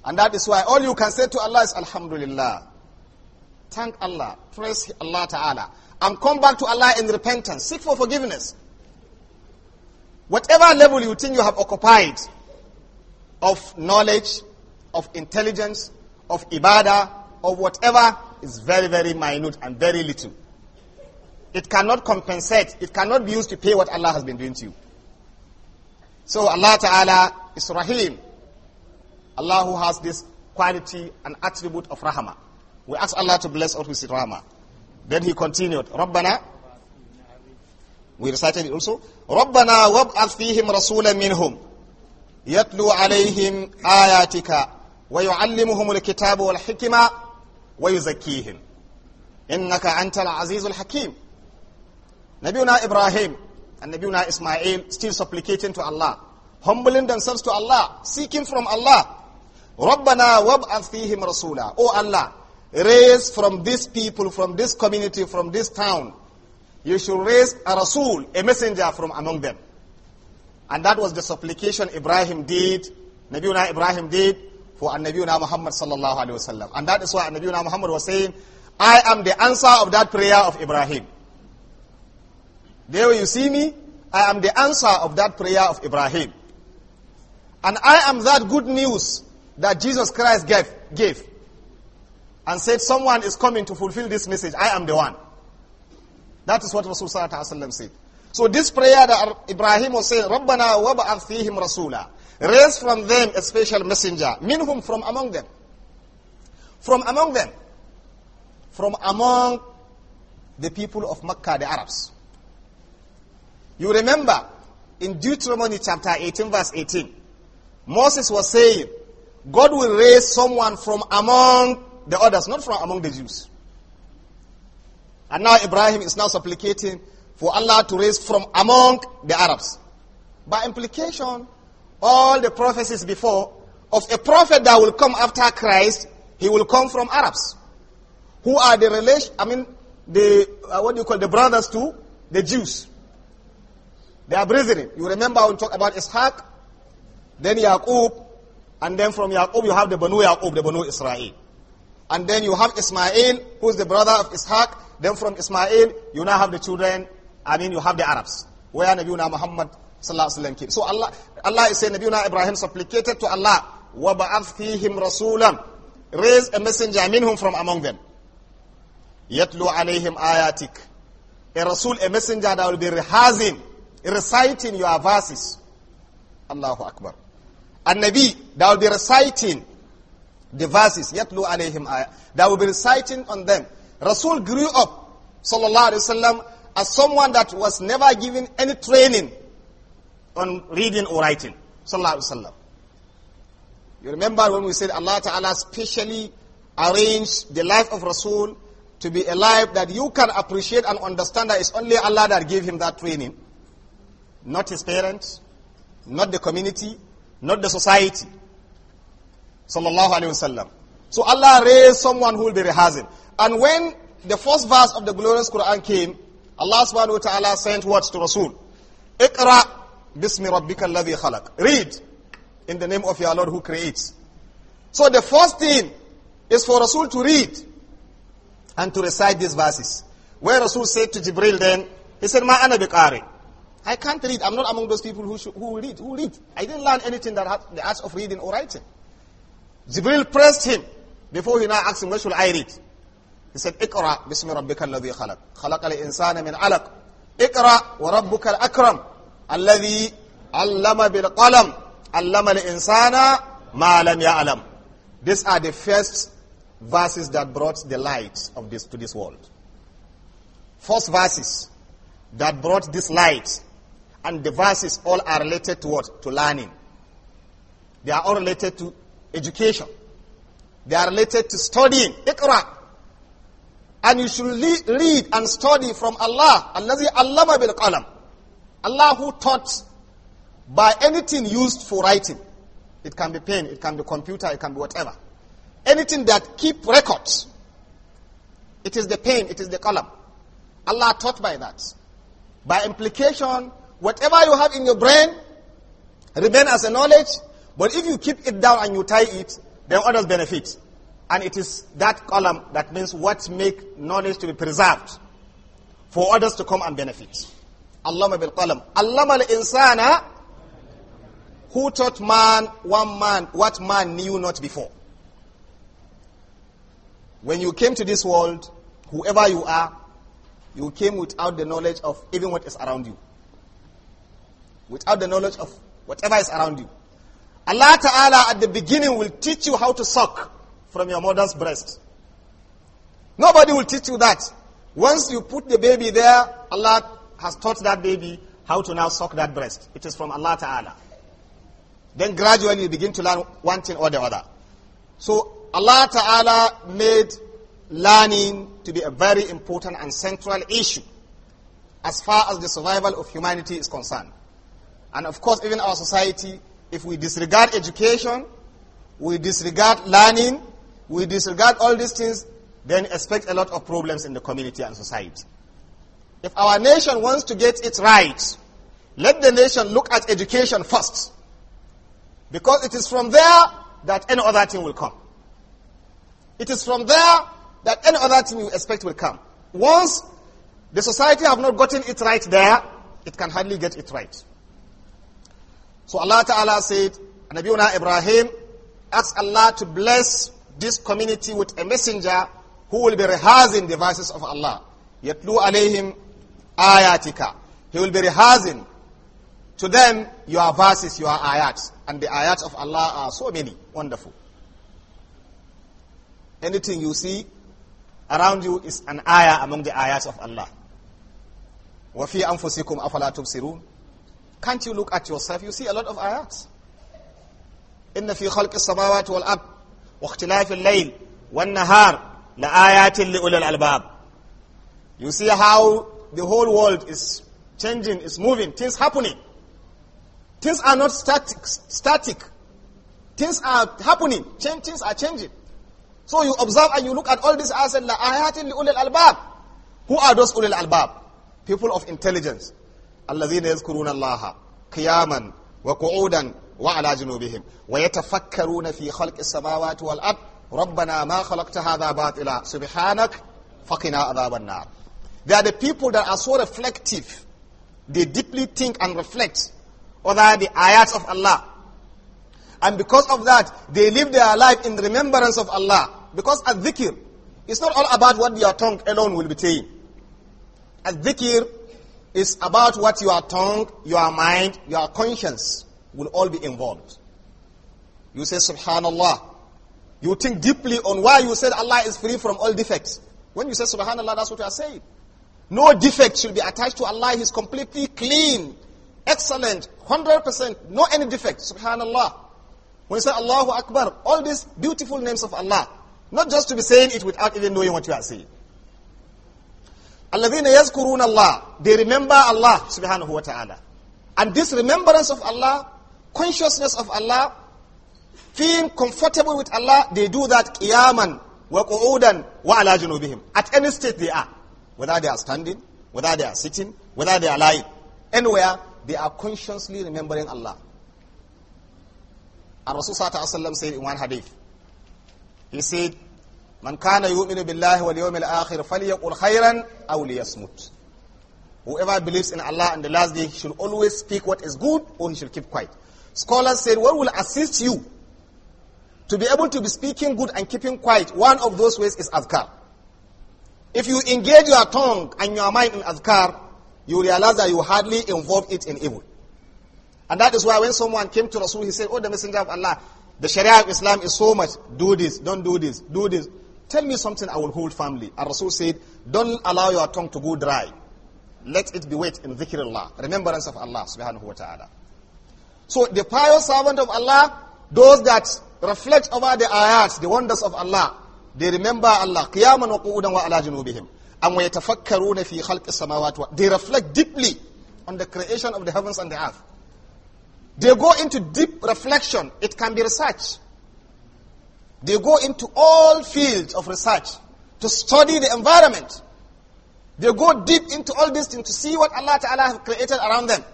And that is why all you can say to Allah is Alhamdulillah. Thank Allah. Praise Allah ta'ala. And come back to Allah in repentance. Seek for forgiveness. Whatever level you think you have occupied of knowledge, of intelligence, of ibadah, or whatever is very, very minute and very little. It cannot compensate. It cannot be used to pay what Allah has been doing to you. So Allah Ta'ala is Rahim. Allah who has this quality and attribute of Rahmah. We ask Allah to bless us with Rahmah. Then he continued, رَبَّنَا we recited it also rabbana wab'ath fihim rasulan minhum yatlu alayhim ayatika wa yu'allimuhum alkitaba wal hikma wa yuzakkihim innaka antal azizul hakim nabiyuna ibrahim annabiyuna isma'il still supplicating to allah humbling themselves to allah seeking from allah rabbana wab'ath fihim rasula o allah raise from this people from this community from this town You should raise a Rasul, a messenger from among them. And that was the supplication Ibrahim did, Nabiuna Ibrahim did for Nabiuna Muhammad sallallahu alayhi wasallam. And that is why Nabiuna Muhammad was saying, I am the answer of that prayer of Ibrahim. There you see me, I am the answer of that prayer of Ibrahim. And I am that good news that Jesus Christ gave, gave and said, someone is coming to fulfill this message. I am the one. That is what Rasulullah said. So this prayer that Ibrahim was saying, "Rabbana وَبَعَثْ Rasula," Raise from them a special messenger. Minhum, from among them. From among them. From among the people of Makkah, the Arabs. You remember, in Deuteronomy chapter 18, verse 18, Moses was saying, God will raise someone from among the others, not from among the Jews. And now Ibrahim is now supplicating for Allah to raise from among the Arabs. By implication, all the prophecies before of a prophet that will come after Christ, he will come from Arabs. Who are the relation, I mean, the, uh, what do you call, the brothers to the Jews. They are brethren. You remember we talk about Ishaq, then Yaqub, and then from Yaqub you have the Banu Yaqub, the Banu Israel. And then you have Ismail, who is the brother of Ishaq. Then from Ismail, you now have the children. I mean, you have the Arabs. Where Nabiuna Muhammad sallallahu came. So Allah, Allah is saying, Nabiuna Ibrahim supplicated to Allah, وَبَعَثْ رَسُولًا Raise a messenger minhum from among them. يَتْلُوا عَلَيْهِمْ آيَاتِكَ A Rasul, a messenger that will be rehearsing, reciting your verses. Allahu Akbar. A Nabi that will be reciting the verses, yatlu alayhim ayah, that will be reciting on them. Rasul grew up, sallallahu alaihi wasallam, as someone that was never given any training on reading or writing, sallallahu alaihi wasallam. You remember when we said Allah Ta'ala specially arranged the life of Rasul to be a life that you can appreciate and understand that it's only Allah that gave him that training. Not his parents, not the community, not the society. Sallallahu Alaihi Wasallam. So Allah raised someone who will be rehazing. And when the first verse of the glorious Quran came, Allah subhanahu wa ta'ala sent what to Rasul? Iqra bismi rabbika alladhi khalaq. Read in the name of your Lord who creates. So the first thing is for Rasul to read and to recite these verses. Where Rasul said to Jibril then, he said, Ma ana biqari. I can't read. I'm not among those people who, should, who read. Who read? I didn't learn anything that had the art of reading or writing. Jibril pressed him before he now asked him, What should I read? He said, Iqra bismi rabbika alladhi khalaq. Khalaq al-insana min alaq. Iqra wa rabbuka al-akram. Alladhi allama bil qalam. Allama al-insana ma lam ya'lam. These are the first verses that brought the light of this to this world. First verses that brought this light and the verses all are related to what? To learning. They are all related to education. They are related to studying. Iqra. And you should read and study from Allah. Allah allama bil qalam. Allah who taught by anything used for writing. It can be pen, it can be computer, it can be whatever. Anything that keep records. It is the pen, it is the column. Allah taught by that. By implication, whatever you have in your brain remain as a knowledge but if you keep it down and you tie it, then others benefit. And it is that column that means what make knowledge to be preserved for others to come and benefit. Allama bil qalam. Allama al insana who taught man one man what man knew not before. When you came to this world, whoever you are, you came without the knowledge of even what is around you. Without the knowledge of whatever is around you. Allah Ta'ala at the beginning will teach you how to suck from your mother's breast. Nobody will teach you that. Once you put the baby there, Allah has taught that baby how to now suck that breast. It is from Allah Ta'ala. Then gradually you begin to learn one thing or the other. So Allah Ta'ala made learning to be a very important and central issue as far as the survival of humanity is concerned. And of course, even our society if we disregard education, we disregard learning, we disregard all these things, then expect a lot of problems in the community and society. If our nation wants to get it right, let the nation look at education first. Because it is from there that any other thing will come. It is from there that any other thing you expect will come. Once the society have not gotten it right there, it can hardly get it right. So Allah Ta'ala said, Nabiuna Ibrahim, asked Allah to bless this community with a messenger who will be rehearsing the verses of Allah. Yatlu alayhim ayatika. He will be rehearsing to them your verses, your ayats. And the ayats of Allah are so many. Wonderful. Anything you see around you is an ayah among the ayats of Allah. وَفِي أَنفُسِكُمْ أَفَلَا تُبْصِرُونَ can't you look at yourself? You see a lot of ayats. إن في خلق السماوات والأرض واختلاف الليل والنهار لآيات al-bab. You see how the whole world is changing, is moving, things happening. Things are not static. static. Things are happening. things are changing. So you observe and you look at all these ayats la ayatin li ulil albab. Who are those ulil albab? People of intelligence. الذين يذكرون الله قياما وقعودا وعلى جنوبهم ويتفكرون في خلق السماوات والأرض ربنا ما خلقت هذا باطلا سبحانك فقنا عذاب النار They are the people that are so reflective. They deeply think and reflect over the ayat of Allah. And because of that, they live their life in remembrance of Allah. Because at dhikr, it's not all about what your tongue alone will be saying. At dhikr, it's about what your tongue, your mind, your conscience will all be involved. You say, Subhanallah. You think deeply on why you said Allah is free from all defects. When you say Subhanallah, that's what you are saying. No defect should be attached to Allah. He's completely clean, excellent, 100%, no any defect. Subhanallah. When you say Allahu Akbar, all these beautiful names of Allah, not just to be saying it without even knowing what you are saying. Alladhina yazkuruna Allah. They remember Allah subhanahu wa ta'ala. And this remembrance of Allah, consciousness of Allah, feeling comfortable with Allah, they do that qiyaman wa qu'udan wa ala junubihim. At any state they are. Whether they are standing, whether they are sitting, whether they are lying. Anywhere, they are consciously remembering Allah. And Rasul said in one hadith, he said, Man kana yu'minu billahi wal yawmil akhir falyaqul khairan aw Whoever believes in Allah and the last day should always speak what is good or he should keep quiet. Scholars said what will assist you to be able to be speaking good and keeping quiet, one of those ways is azkar. If you engage your tongue and your mind in azkar, you realize that you hardly involve it in evil. And that is why when someone came to Rasul, he said, Oh, the messenger of Allah, the Sharia of Islam is so much. Do this, don't do this, do this. Tell me something, I will hold firmly. Our Rasul said, Don't allow your tongue to go dry. Let it be wet in dhikrullah, remembrance of Allah subhanahu wa ta'ala. So the pious servant of Allah, those that reflect over the ayats, the wonders of Allah, they remember Allah. قِيَامًا وَقُعُودًا ala جُنُوبِهِمْ and when They reflect deeply on the creation of the heavens and the earth. They go into deep reflection. It can be research. They go into all fields of research to study the environment. They go deep into all these things to see what Allah Ta'ala has created around them.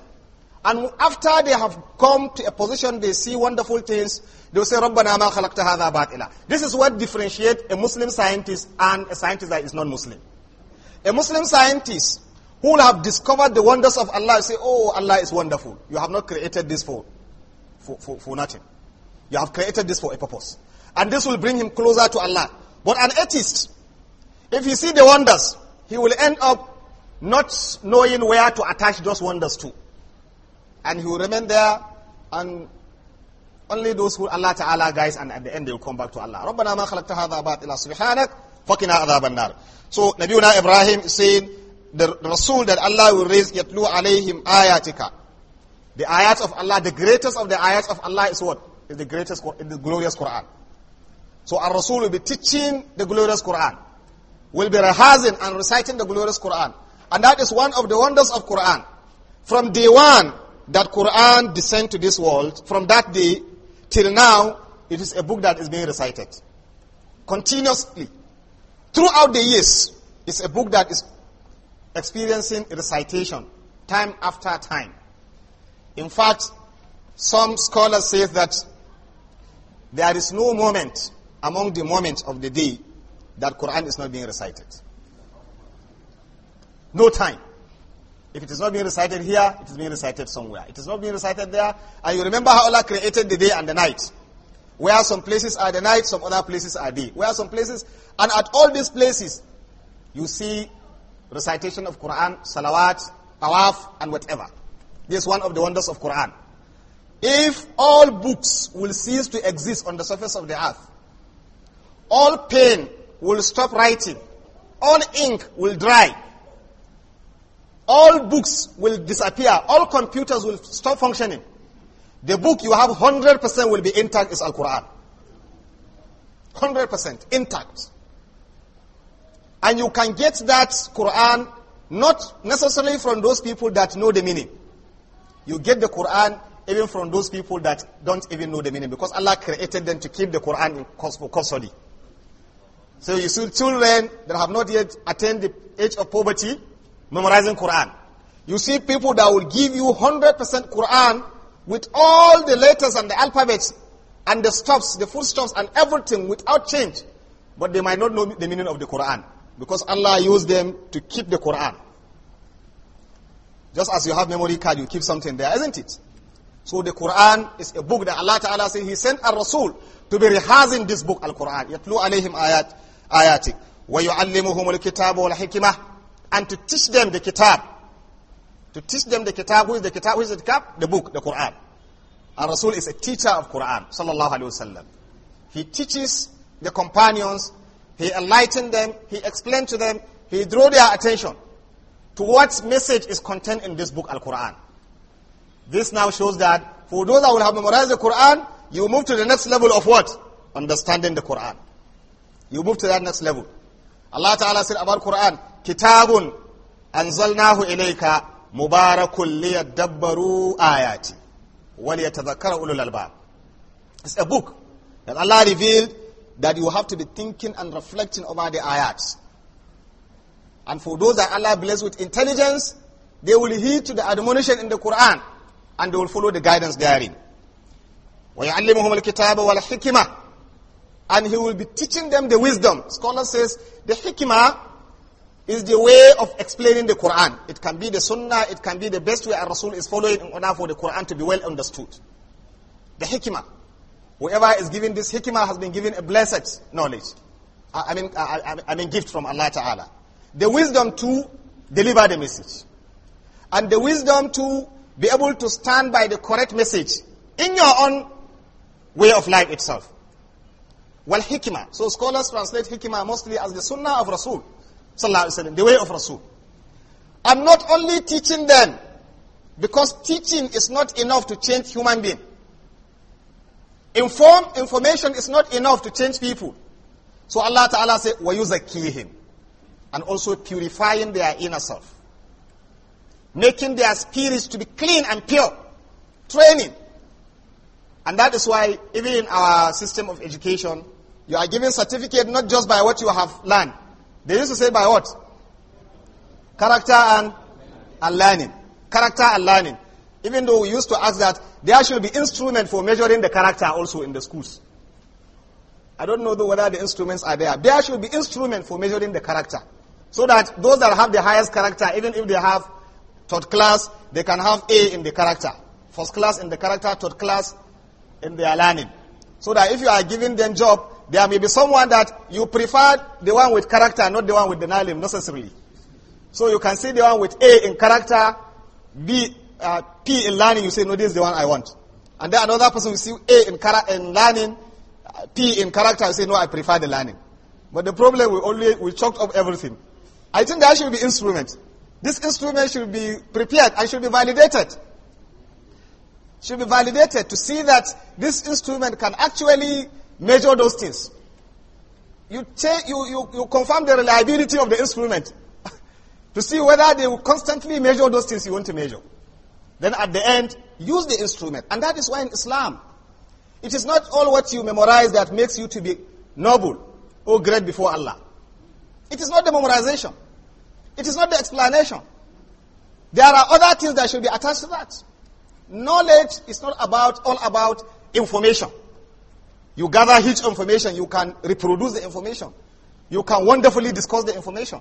And after they have come to a position, they see wonderful things, they will say, رَبَّنَا مَا خَلَقْتَ هَذَا بَاطِلًا This is what differentiates a Muslim scientist and a scientist that is non-Muslim. A Muslim scientist who will have discovered the wonders of Allah, say, oh, Allah is wonderful. You have not created this for, for, for, for nothing. You have created this for a purpose. And this will bring him closer to Allah. But an atheist, if he see the wonders, he will end up not knowing where to attach those wonders to. And he will remain there and only those who Allah Ta'ala guides and at the end they will come back to Allah. رَبَّنَا مَا خَلَقْتَ هَذَا بَاطِلًا سُبْحَانَكَ عَذَابَ النَّارِ So Nabiuna Ibrahim is saying, the Rasul that Allah will raise, يَتْلُوا عَلَيْهِمْ آيَاتِكَ The ayat of Allah, the greatest of the ayat of Allah is what? Is the greatest, is the glorious Quran. So our Rasul will be teaching the glorious Quran, will be rehearsing and reciting the glorious Quran. And that is one of the wonders of Quran. From day one that Quran descend to this world, from that day till now, it is a book that is being recited. Continuously. Throughout the years, it's a book that is experiencing recitation time after time. In fact, some scholars say that there is no moment among the moments of the day that Quran is not being recited. No time. If it is not being recited here, it is being recited somewhere. It is not being recited there. And you remember how Allah created the day and the night. Where some places are the night, some other places are day. Where some places, and at all these places, you see recitation of Quran, salawat, tawaf, and whatever. This is one of the wonders of Quran. If all books will cease to exist on the surface of the earth, all pen will stop writing, all ink will dry, all books will disappear, all computers will stop functioning. The book you have 100% will be intact is Al Quran. 100% intact. And you can get that Quran not necessarily from those people that know the meaning. You get the Quran even from those people that don't even know the meaning because Allah created them to keep the Quran in custody. So you see children that have not yet attained the age of poverty memorizing Quran. You see people that will give you 100% Quran with all the letters and the alphabets and the stops, the full stops and everything without change. But they might not know the meaning of the Quran because Allah used them to keep the Quran. Just as you have memory card, you keep something there, isn't it? So the Quran is a book that Allah Ta'ala says He sent a Rasul to be rehearsing this book, Al-Quran. يَتْلُوا عَلَيْهِمْ آيَاتِ آيَاتِكِ وَيُعَلِّمُهُمُ الْكِتَابُ And to teach them the kitab. To teach them the kitab. Who is the kitab? Who is the kitab? The book, the Quran. A Rasul is a teacher of Quran, sallallahu alayhi wasallam. He teaches the companions, he enlightened them, he explained to them, he drew their attention to what message is contained in this book, Al-Quran. This now shows that for those that will have memorized the Quran, you move to the next level of what? Understanding the Quran. You move to that next level. Allah Ta'ala said about Quran, Kitabun anzalnahu ilayka mubarakun liyadabbaru ayati waliyatadhakkara ulul albab. It's a book that Allah revealed that you have to be thinking and reflecting over the ayats. And for those that Allah bless with intelligence, they will heed to the admonition in the Quran and they will follow the guidance therein. وَيَعَلِّمُهُمُ الْكِتَابَ وَالْحِكِمَةِ And he will be teaching them the wisdom. Scholar says the hikmah is the way of explaining the Quran. It can be the sunnah, it can be the best way a Rasul is following in order for the Quran to be well understood. The hikmah. Whoever is given this hikmah has been given a blessed knowledge. I, mean, I, I mean gift from Allah Ta'ala. The wisdom to deliver the message. And the wisdom to be able to stand by the correct message in your own way of life itself. Well, hikmah. So scholars translate hikmah mostly as the sunnah of Rasul, the way of Rasul. I'm not only teaching them, because teaching is not enough to change human being. Inform, information is not enough to change people. So Allah Ta'ala says, وَيُزَكِّيهِمْ And also purifying their inner self making their spirits to be clean and pure, training. And that is why, even in our system of education, you are given certificate not just by what you have learned. They used to say by what? Character and, and learning. Character and learning. Even though we used to ask that there should be instrument for measuring the character also in the schools. I don't know whether the instruments are there. There should be instrument for measuring the character. So that those that have the highest character, even if they have third class, they can have A in the character. First class in the character, third class in their learning. So that if you are giving them job, there may be someone that you prefer the one with character, not the one with the learning necessarily. So you can see the one with A in character, B, uh, P in learning, you say, no, this is the one I want. And then another person will see A in, in learning, P uh, in character, you say, no, I prefer the learning. But the problem will only, we chalked up everything. I think there should be instruments. This instrument should be prepared and should be validated. Should be validated to see that this instrument can actually measure those things. You, take, you, you, you confirm the reliability of the instrument [laughs] to see whether they will constantly measure those things you want to measure. Then at the end, use the instrument. And that is why in Islam, it is not all what you memorize that makes you to be noble or great before Allah. It is not the memorization. It is not the explanation. There are other things that should be attached to that. Knowledge is not about all about information. You gather huge information, you can reproduce the information. You can wonderfully discuss the information.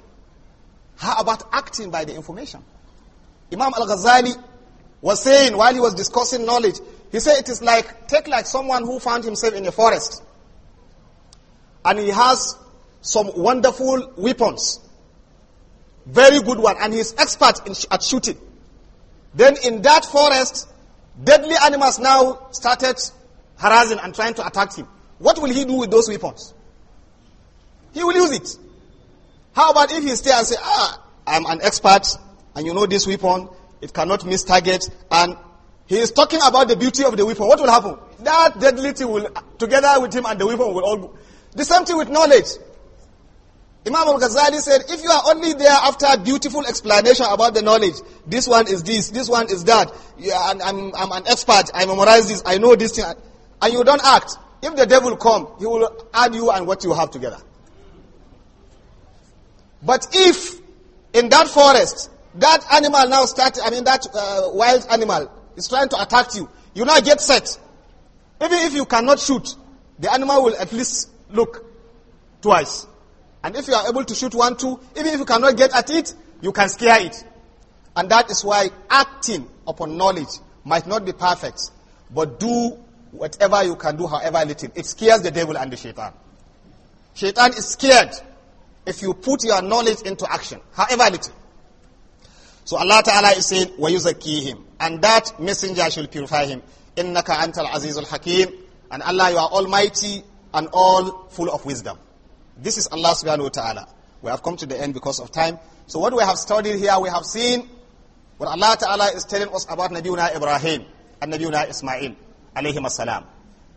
How about acting by the information? Imam Al-Ghazali was saying while he was discussing knowledge, he said it is like, take like someone who found himself in a forest. And he has some wonderful weapons. Very good one. And he's expert in, at shooting. Then in that forest, deadly animals now started harassing and trying to attack him. What will he do with those weapons? He will use it. How about if he stay and say, ah, I'm an expert and you know this weapon, it cannot miss target and he is talking about the beauty of the weapon. What will happen? That deadly thing will, together with him and the weapon will all go. The same thing with knowledge. Imam al-Ghazali said, if you are only there after a beautiful explanation about the knowledge, this one is this, this one is that, yeah, I'm, I'm an expert, I memorize this, I know this thing, and you don't act, if the devil come, he will add you and what you have together. But if in that forest, that animal now start, I mean that uh, wild animal is trying to attack you, you now get set. Even if you cannot shoot, the animal will at least look twice. And if you are able to shoot one, two, even if you cannot get at it, you can scare it. And that is why acting upon knowledge might not be perfect, but do whatever you can do, however little. It scares the devil and the shaitan. Shaitan is scared if you put your knowledge into action, however little. So Allah Ta'ala is saying, وَيُزَكِّيهِمْ And that messenger shall purify him. إِنَّكَ أَنْتَ الْعَزِيزُ الْحَكِيمُ And Allah, you are almighty and all full of wisdom. This is Allah subhanahu wa ta'ala. We have come to the end because of time. So what we have studied here, we have seen what Allah ta'ala is telling us about Nabiuna Ibrahim and Nabiuna Ismail, alayhim salam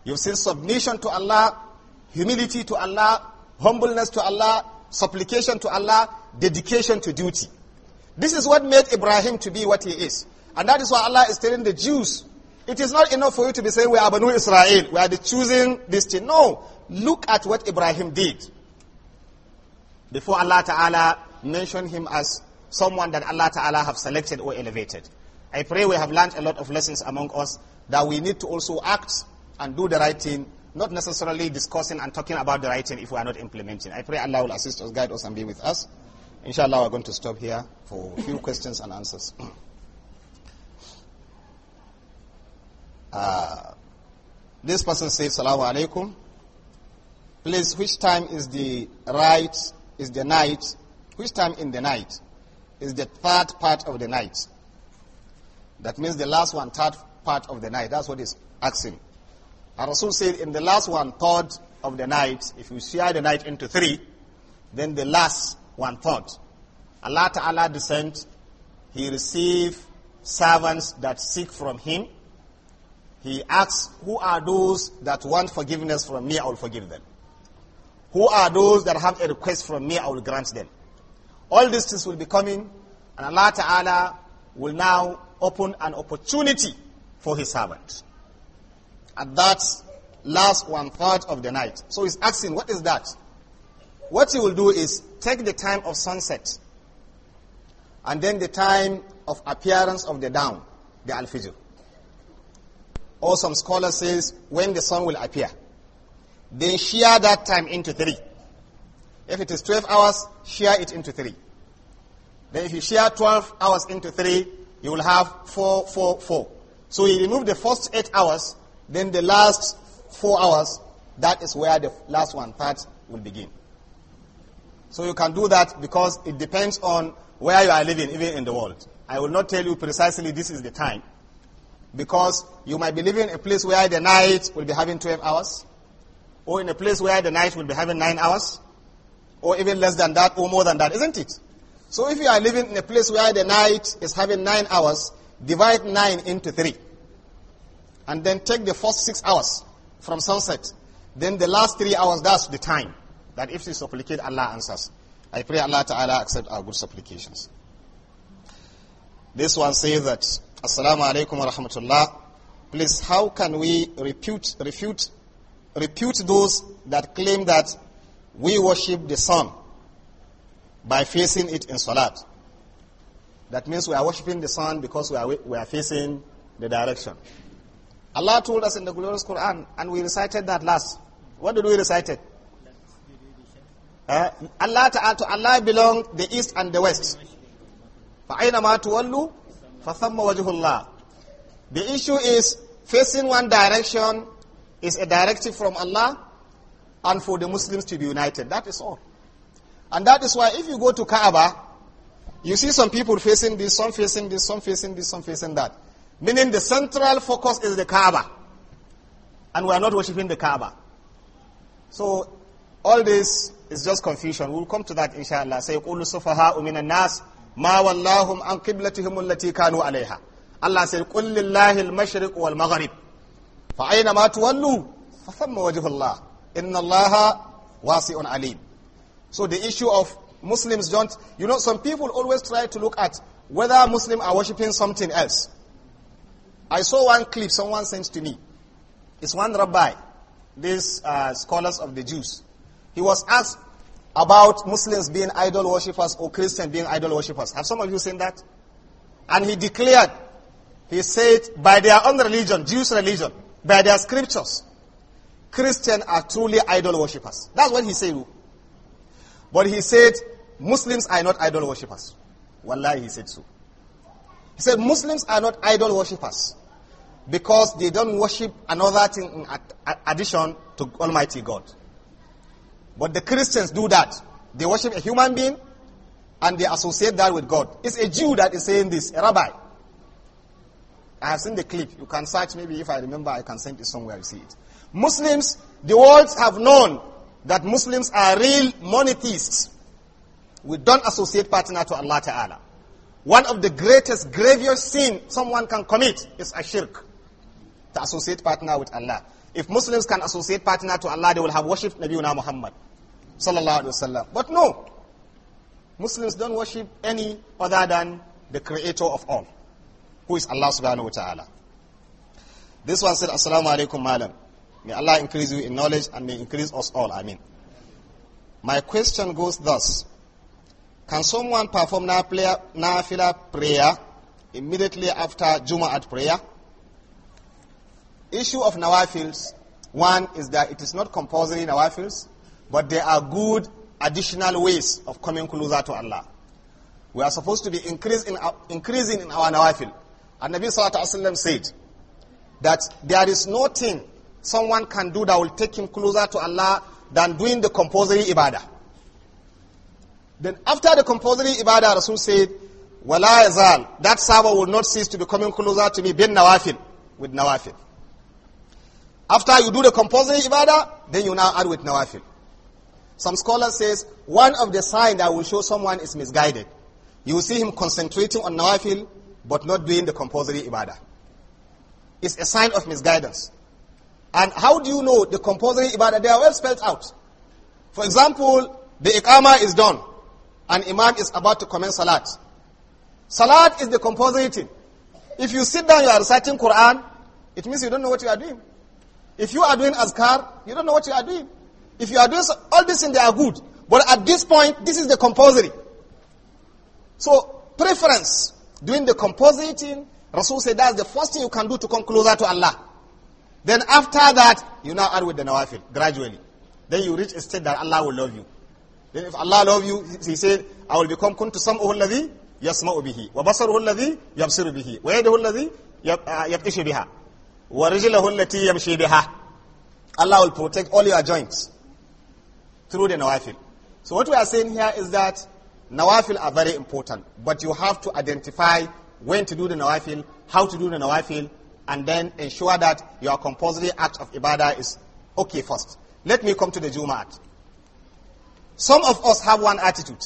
You've seen submission to Allah, humility to Allah, humbleness to Allah, supplication to Allah, dedication to duty. This is what made Ibrahim to be what he is. And that is why Allah is telling the Jews, it is not enough for you to be saying we are Banu Israel, we are the choosing this thing. No, look at what Ibrahim did. Before Allah Ta'ala mention him as someone that Allah Ta'ala have selected or elevated. I pray we have learned a lot of lessons among us that we need to also act and do the right thing, not necessarily discussing and talking about the right thing if we are not implementing. I pray Allah will assist us, guide us, and be with us. Inshallah, we're going to stop here for a few questions and answers. [clears throat] Uh, this person says, Salaamu Alaikum. Please, which time is the right is the night. Which time in the night? Is the third part of the night. That means the last one third part of the night. That's what he's asking. And Rasul said, in the last one third of the night, if you share the night into three, then the last one third. Allah Ta'ala descent, He receive servants that seek from Him. He asks, who are those that want forgiveness from me? I will forgive them. Who are those that have a request from me, I will grant them. All these things will be coming, and Allah Ta'ala will now open an opportunity for His servant. At that last one third of the night. So he's asking, what is that? What he will do is take the time of sunset and then the time of appearance of the dawn, the al-fijr. Or some scholars says when the sun will appear then share that time into three. If it is 12 hours, share it into three. Then if you share 12 hours into three, you will have four, four, four. So you remove the first eight hours, then the last four hours, that is where the last one part will begin. So you can do that because it depends on where you are living, even in the world. I will not tell you precisely this is the time. Because you might be living in a place where the night will be having 12 hours or in a place where the night will be having nine hours, or even less than that, or more than that, isn't it? So if you are living in a place where the night is having nine hours, divide nine into three. And then take the first six hours from sunset. Then the last three hours, that's the time that if you supplicate, Allah answers. I pray Allah Ta'ala accept our good supplications. This one says that, Assalamu alaikum wa rahmatullah. Please, how can we repute, refute Repute those that claim that we worship the sun by facing it in salat. That means we are worshiping the sun because we are, we are facing the direction. Allah told us in the glorious Quran, and we recited that last. What did we recite it? Uh, Allah to Allah belong the east and the west. The issue is facing one direction is a directive from Allah and for the Muslims to be united. That is all. And that is why if you go to Kaaba, you see some people facing this, some facing this, some facing this, some facing that. Meaning the central focus is the Kaaba. And we are not worshipping the Kaaba. So all this is just confusion. We'll come to that inshallah. سَيَقُولُ السُّفَهَاءُ مِنَ النَّاسِ مَا وَاللَّهُمْ عَنْ قِبْلَتِهِمُ الَّتِي كَانُوا عَلَيْهَا Allah said, قُلْ لِلَّهِ الْمَشْرِقُ وَالْمَغْرِبُ فأينما تولوا فثم وجه الله إن الله واسع عليم So the issue of Muslims don't, you know, some people always try to look at whether Muslims are worshipping something else. I saw one clip someone sent to me. It's one rabbi, these uh, scholars of the Jews. He was asked about Muslims being idol worshippers or Christians being idol worshippers. Have some of you seen that? And he declared, he said, by their own religion, Jews' religion, by their scriptures, Christians are truly idol worshippers. That's what he said. Oh. But he said, Muslims are not idol worshippers. Wallahi, he said so. He said, Muslims are not idol worshippers because they don't worship another thing in addition to Almighty God. But the Christians do that. They worship a human being and they associate that with God. It's a Jew that is saying this, a rabbi. I have seen the clip. You can search, maybe if I remember, I can send it somewhere, you see it. Muslims, the world have known that Muslims are real monotheists. We don't associate partner to Allah Ta'ala. One of the greatest, gravest sin someone can commit is a shirk. To associate partner with Allah. If Muslims can associate partner to Allah, they will have worshipped Nabiuna Muhammad. Sallallahu Alaihi Wasallam. But no. Muslims don't worship any other than the creator of all who is Allah subhanahu wa ta'ala. This one said, Assalamu alaikum, madam. May Allah increase you in knowledge and may increase us all. I mean. My question goes thus. Can someone perform nafila prayer immediately after Jum'at prayer? Issue of nawafils, one is that it is not compulsory nawafils, but there are good additional ways of coming closer to Allah. We are supposed to be increasing in, increasing in our nawafil. And Nabi Sallallahu Alaihi said that there is nothing someone can do that will take him closer to Allah than doing the compulsory ibadah. Then after the compulsory ibadah, Rasul said, Wala yazal, that servant will not cease to be coming closer to me, bin nawafil, with nawafil. After you do the compulsory ibadah, then you now add with nawafil. Some scholars says, one of the signs that will show someone is misguided. You will see him concentrating on nawafil but not doing the compulsory ibadah. It's a sign of misguidance. And how do you know the compulsory ibadah? They are well spelled out. For example, the ikama is done and imam is about to commence salat. Salat is the compulsory thing. If you sit down, you are reciting Quran, it means you don't know what you are doing. If you are doing azkar, you don't know what you are doing. If you are doing all these things, they are good. But at this point, this is the compulsory. So, preference Doing the compositing, Rasul said that's the first thing you can do to come closer to Allah. Then after that, you now add with the nawafil, gradually. Then you reach a state that Allah will love you. Then if Allah love you, he said, I will become kuntu sam'uhu alladhi yasma'u bihi, wa basaruhu alladhi yabsiru bihi, wa yaduhu alladhi uh, yabtishu biha, wa rijlahu allati yamshi biha. Allah will protect all your joints through the nawafil. So what we are saying here is that Nawafil are very important, but you have to identify when to do the nawafil, how to do the nawafil, and then ensure that your compulsory act of ibadah is okay first. Let me come to the Jumu'at. Some of us have one attitude.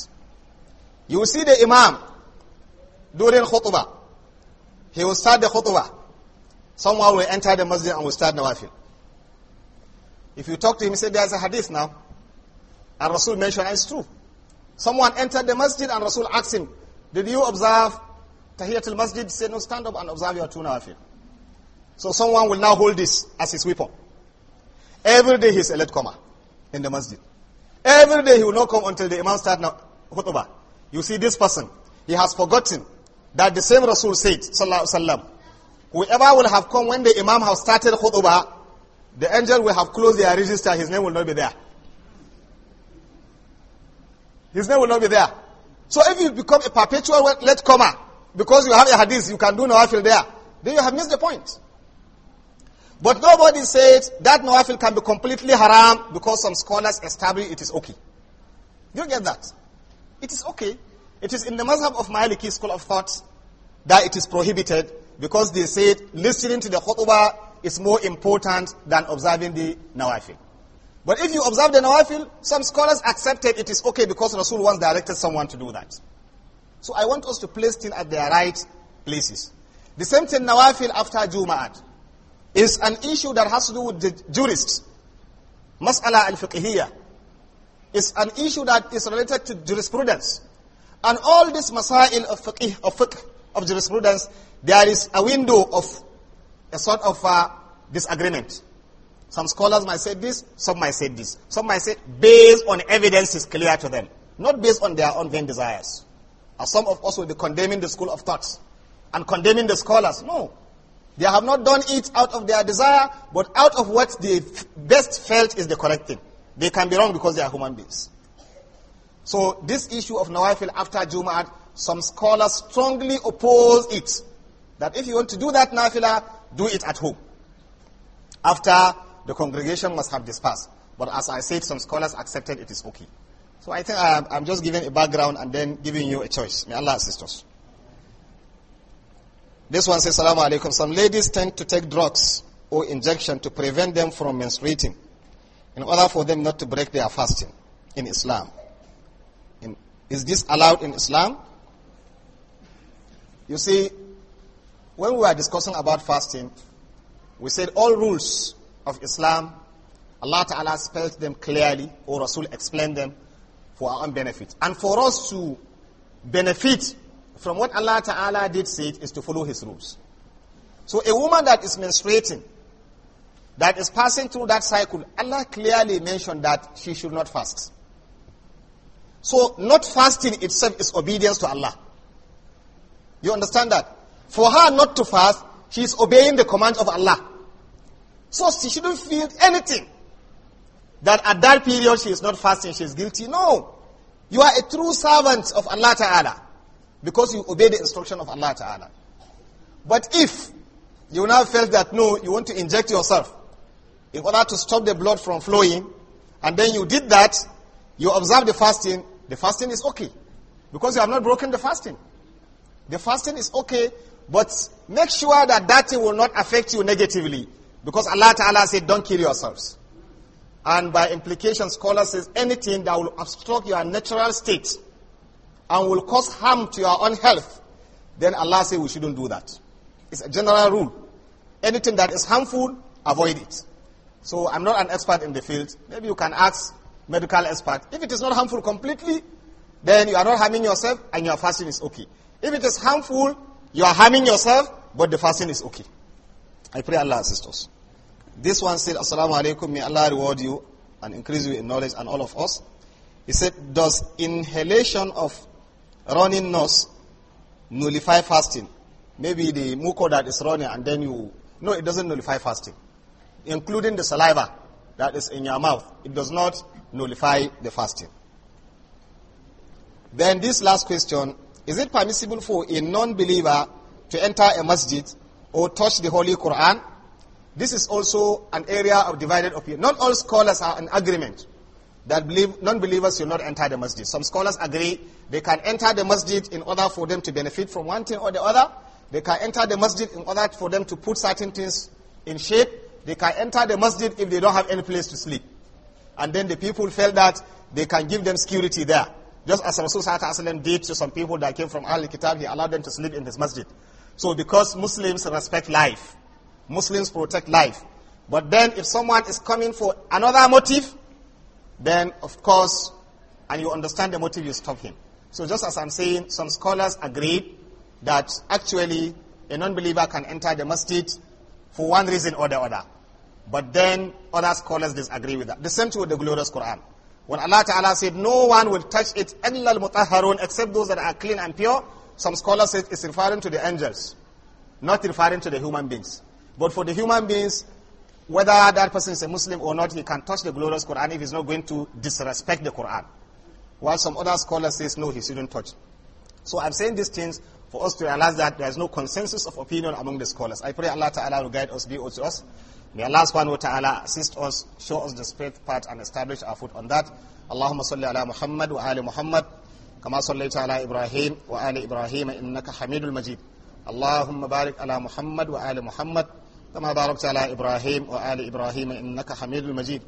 You will see the Imam during khutbah. He will start the khutbah. Someone will enter the masjid and will start nawafil. If you talk to him, he say, there's a hadith now. And Rasul mentioned, it's true. Someone entered the masjid and Rasul asked him, did you observe Tahiyatul Masjid? He said, no, stand up and observe your two nawafil. So someone will now hold this as his weapon. Every day he's a late comer in the masjid. Every day he will not come until the imam starts khutbah. You see this person, he has forgotten that the same Rasul said, sallallahu sallam, whoever will have come when the imam has started khutbah, the angel will have closed their register, his name will not be there. His name will not be there. So if you become a perpetual late comer, because you have a hadith, you can do nawafil there, then you have missed the point. But nobody says that nawafil can be completely haram because some scholars establish it is okay. You get that? It is okay. It is in the mazhab of Maliki school of thought that it is prohibited because they said listening to the khutbah is more important than observing the nawafil. But if you observe the nawafil, some scholars accepted it is okay because Rasul once directed someone to do that. So I want us to place things at their right places. The same thing nawafil after Juma'at is an issue that has to do with the jurists. Mas'ala al-fiqhiyya is an issue that is related to jurisprudence. And all this masail of fiqh, of fiqh, of jurisprudence, there is a window of a sort of uh, disagreement. Some scholars might say this, some might say this. Some might say based on evidence is clear to them, not based on their own vain desires. As some of us will be condemning the school of thoughts and condemning the scholars. No. They have not done it out of their desire, but out of what they best felt is the correct thing. They can be wrong because they are human beings. So this issue of Nawafil after Jumad, some scholars strongly oppose it. That if you want to do that Nafila, do it at home. After the congregation must have dispersed. But as I said, some scholars accepted it is okay. So I think I, um, I'm just giving a background and then giving you a choice. May Allah assist us. This one says, Salaam alaikum. Some ladies tend to take drugs or injection to prevent them from menstruating in order for them not to break their fasting in Islam. In, is this allowed in Islam? You see, when we were discussing about fasting, we said all rules of Islam, Allah Ta'ala spelled them clearly, or Rasul explained them for our own benefit. And for us to benefit from what Allah Ta'ala did say is to follow His rules. So a woman that is menstruating, that is passing through that cycle, Allah clearly mentioned that she should not fast. So not fasting itself is obedience to Allah. You understand that? For her not to fast, she is obeying the command of Allah. So she shouldn't feel anything that at that period she is not fasting, she is guilty. No. You are a true servant of Allah Ta'ala because you obey the instruction of Allah Ta'ala. But if you now felt that no, you want to inject yourself in order to stop the blood from flowing, and then you did that, you observe the fasting, the fasting is okay because you have not broken the fasting. The fasting is okay, but make sure that that thing will not affect you negatively because Allah Ta'ala said, don't kill yourselves. And by implication, scholars says anything that will obstruct your natural state and will cause harm to your own health, then Allah says we shouldn't do that. It's a general rule. Anything that is harmful, avoid it. So I'm not an expert in the field. Maybe you can ask medical expert. If it is not harmful completely, then you are not harming yourself and your fasting is okay. If it is harmful, you are harming yourself, but the fasting is okay. I pray Allah assist us. This one said, Assalamu alaikum, may Allah reward you and increase you in knowledge and all of us. He said, Does inhalation of running nose nullify fasting? Maybe the muco that is running and then you. No, it doesn't nullify fasting. Including the saliva that is in your mouth, it does not nullify the fasting. Then, this last question is it permissible for a non believer to enter a masjid or touch the Holy Quran this is also an area of divided opinion. Not all scholars are in agreement that non-believers should not enter the masjid. Some scholars agree they can enter the masjid in order for them to benefit from one thing or the other. They can enter the masjid in order for them to put certain things in shape. They can enter the masjid if they don't have any place to sleep. And then the people felt that they can give them security there. Just as Rasulullah did to some people that came from Al-Kitab, he allowed them to sleep in this masjid. So because Muslims respect life, Muslims protect life. But then if someone is coming for another motive, then of course, and you understand the motive, you stop him. So just as I'm saying, some scholars agreed that actually a non-believer can enter the masjid for one reason or the other. But then other scholars disagree with that. The same thing with the glorious Quran. When Allah Ta'ala said, no one will touch it except those that are clean and pure, some scholars say it's referring to the angels, not referring to the human beings. But for the human beings, whether that person is a Muslim or not, he can touch the glorious Quran if he's not going to disrespect the Quran. While some other scholars says no, he shouldn't touch. So I'm saying these things for us to realize that there is no consensus of opinion among the scholars. I pray Allah Ta'ala will guide us, be all to us. May Allah subhanahu wa ta'ala assist us, show us the straight path and establish our foot on that. Allahumma salli ala Muhammad wa ali Muhammad. كما صليت على إبراهيم وآل إبراهيم إنك حميد مجيد اللهم بارك على محمد وآل محمد كما باركت على إبراهيم وآل إبراهيم إنك حميد مجيد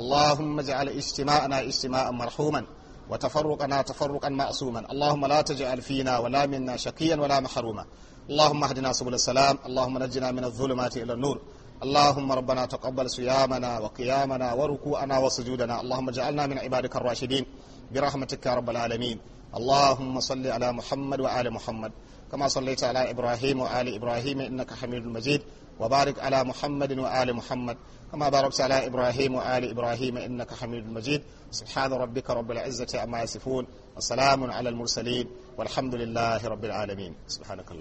اللهم اجعل اجتماعنا اجتماعا مرحوما وتفرقنا تفرقا معصوما اللهم لا تجعل فينا ولا منا شقيا ولا محروما اللهم اهدنا سبل السلام اللهم نجنا من الظلمات إلى النور اللهم ربنا تقبل صيامنا وقيامنا وركوعنا وسجودنا اللهم اجعلنا من عبادك الراشدين برحمتك يا رب العالمين اللهم صل على محمد وآل محمد كما صليت على إبراهيم وآل إبراهيم إنك حميد مجيد وبارك على محمد وآل محمد كما باركت على إبراهيم وآل إبراهيم إنك حميد مجيد سبحان ربك رب العزة عما يصفون وسلام على المرسلين والحمد لله رب العالمين سبحانك الله